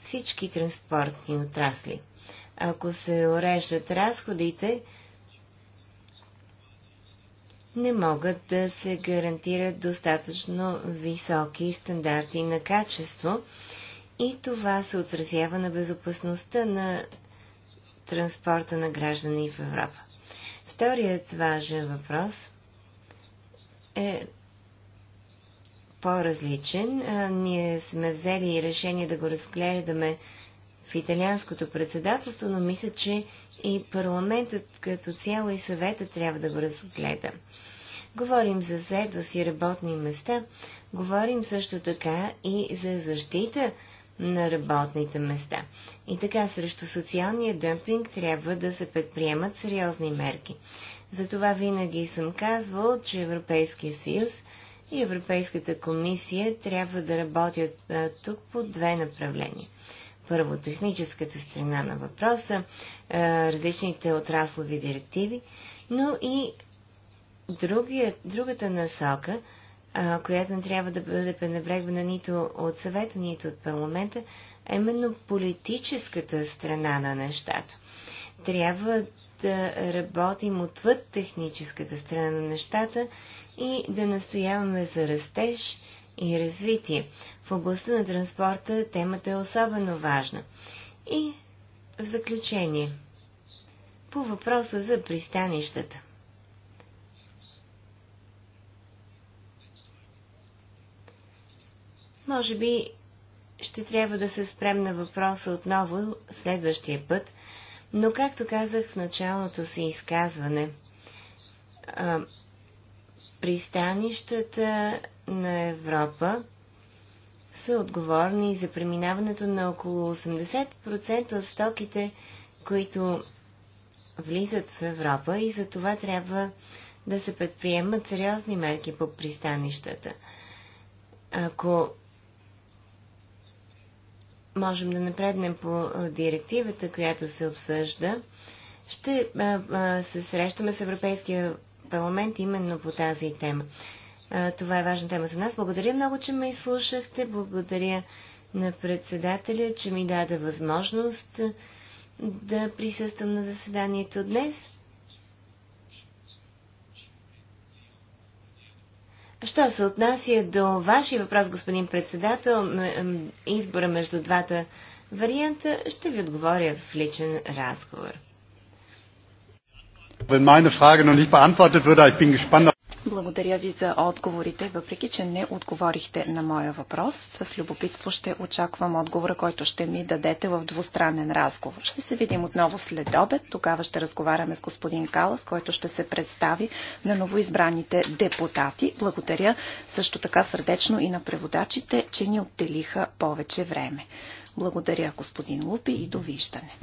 всички транспортни отрасли. Ако се уреждат разходите, не могат да се гарантират достатъчно високи стандарти на качество и това се отразява на безопасността на транспорта на граждани в Европа. Вторият важен въпрос е по-различен. Ние сме взели решение да го разгледаме в италианското председателство, но мисля, че и парламентът като цяло и съвета трябва да го разгледа. Говорим за заедост и работни места, говорим също така и за защита на работните места. И така срещу социалния дъмпинг трябва да се предприемат сериозни мерки. Затова винаги съм казвал, че Европейския съюз и Европейската комисия трябва да работят а, тук по две направления. Първо, техническата страна на въпроса, а, различните отраслови директиви, но и другия, другата насока, а, която не трябва да бъде пренебрегвана нито от съвета, нито от парламента, а именно политическата страна на нещата. Трябва да работим отвъд техническата страна на нещата и да настояваме за растеж и развитие. В областта на транспорта темата е особено важна. И в заключение, по въпроса за пристанищата. Може би ще трябва да се спрем на въпроса отново следващия път, но, както казах в началото си изказване, а, пристанищата на Европа са отговорни за преминаването на около 80% от стоките, които влизат в Европа и за това трябва да се предприемат сериозни мерки по пристанищата. Ако можем да напреднем по директивата, която се обсъжда, ще се срещаме с Европейския парламент именно по тази тема. Това е важна тема за нас. Благодаря много, че ме изслушахте. Благодаря на председателя, че ми даде възможност да присъствам на заседанието днес. Що се отнася до вашия въпрос, господин председател, избора между двата варианта, ще ви отговоря в личен разговор. Wenn meine Frage noch nicht beantwortet würde, ich bin gespannt. Благодаря ви за отговорите, въпреки че не отговорихте на моя въпрос. С любопитство ще очаквам отговора, който ще ми дадете в двустранен разговор. Ще се видим отново след обед. Тогава ще разговаряме с господин Калас, който ще се представи на новоизбраните депутати. Благодаря също така сърдечно и на преводачите, че ни отделиха повече време. Благодаря, господин Лупи, и довиждане.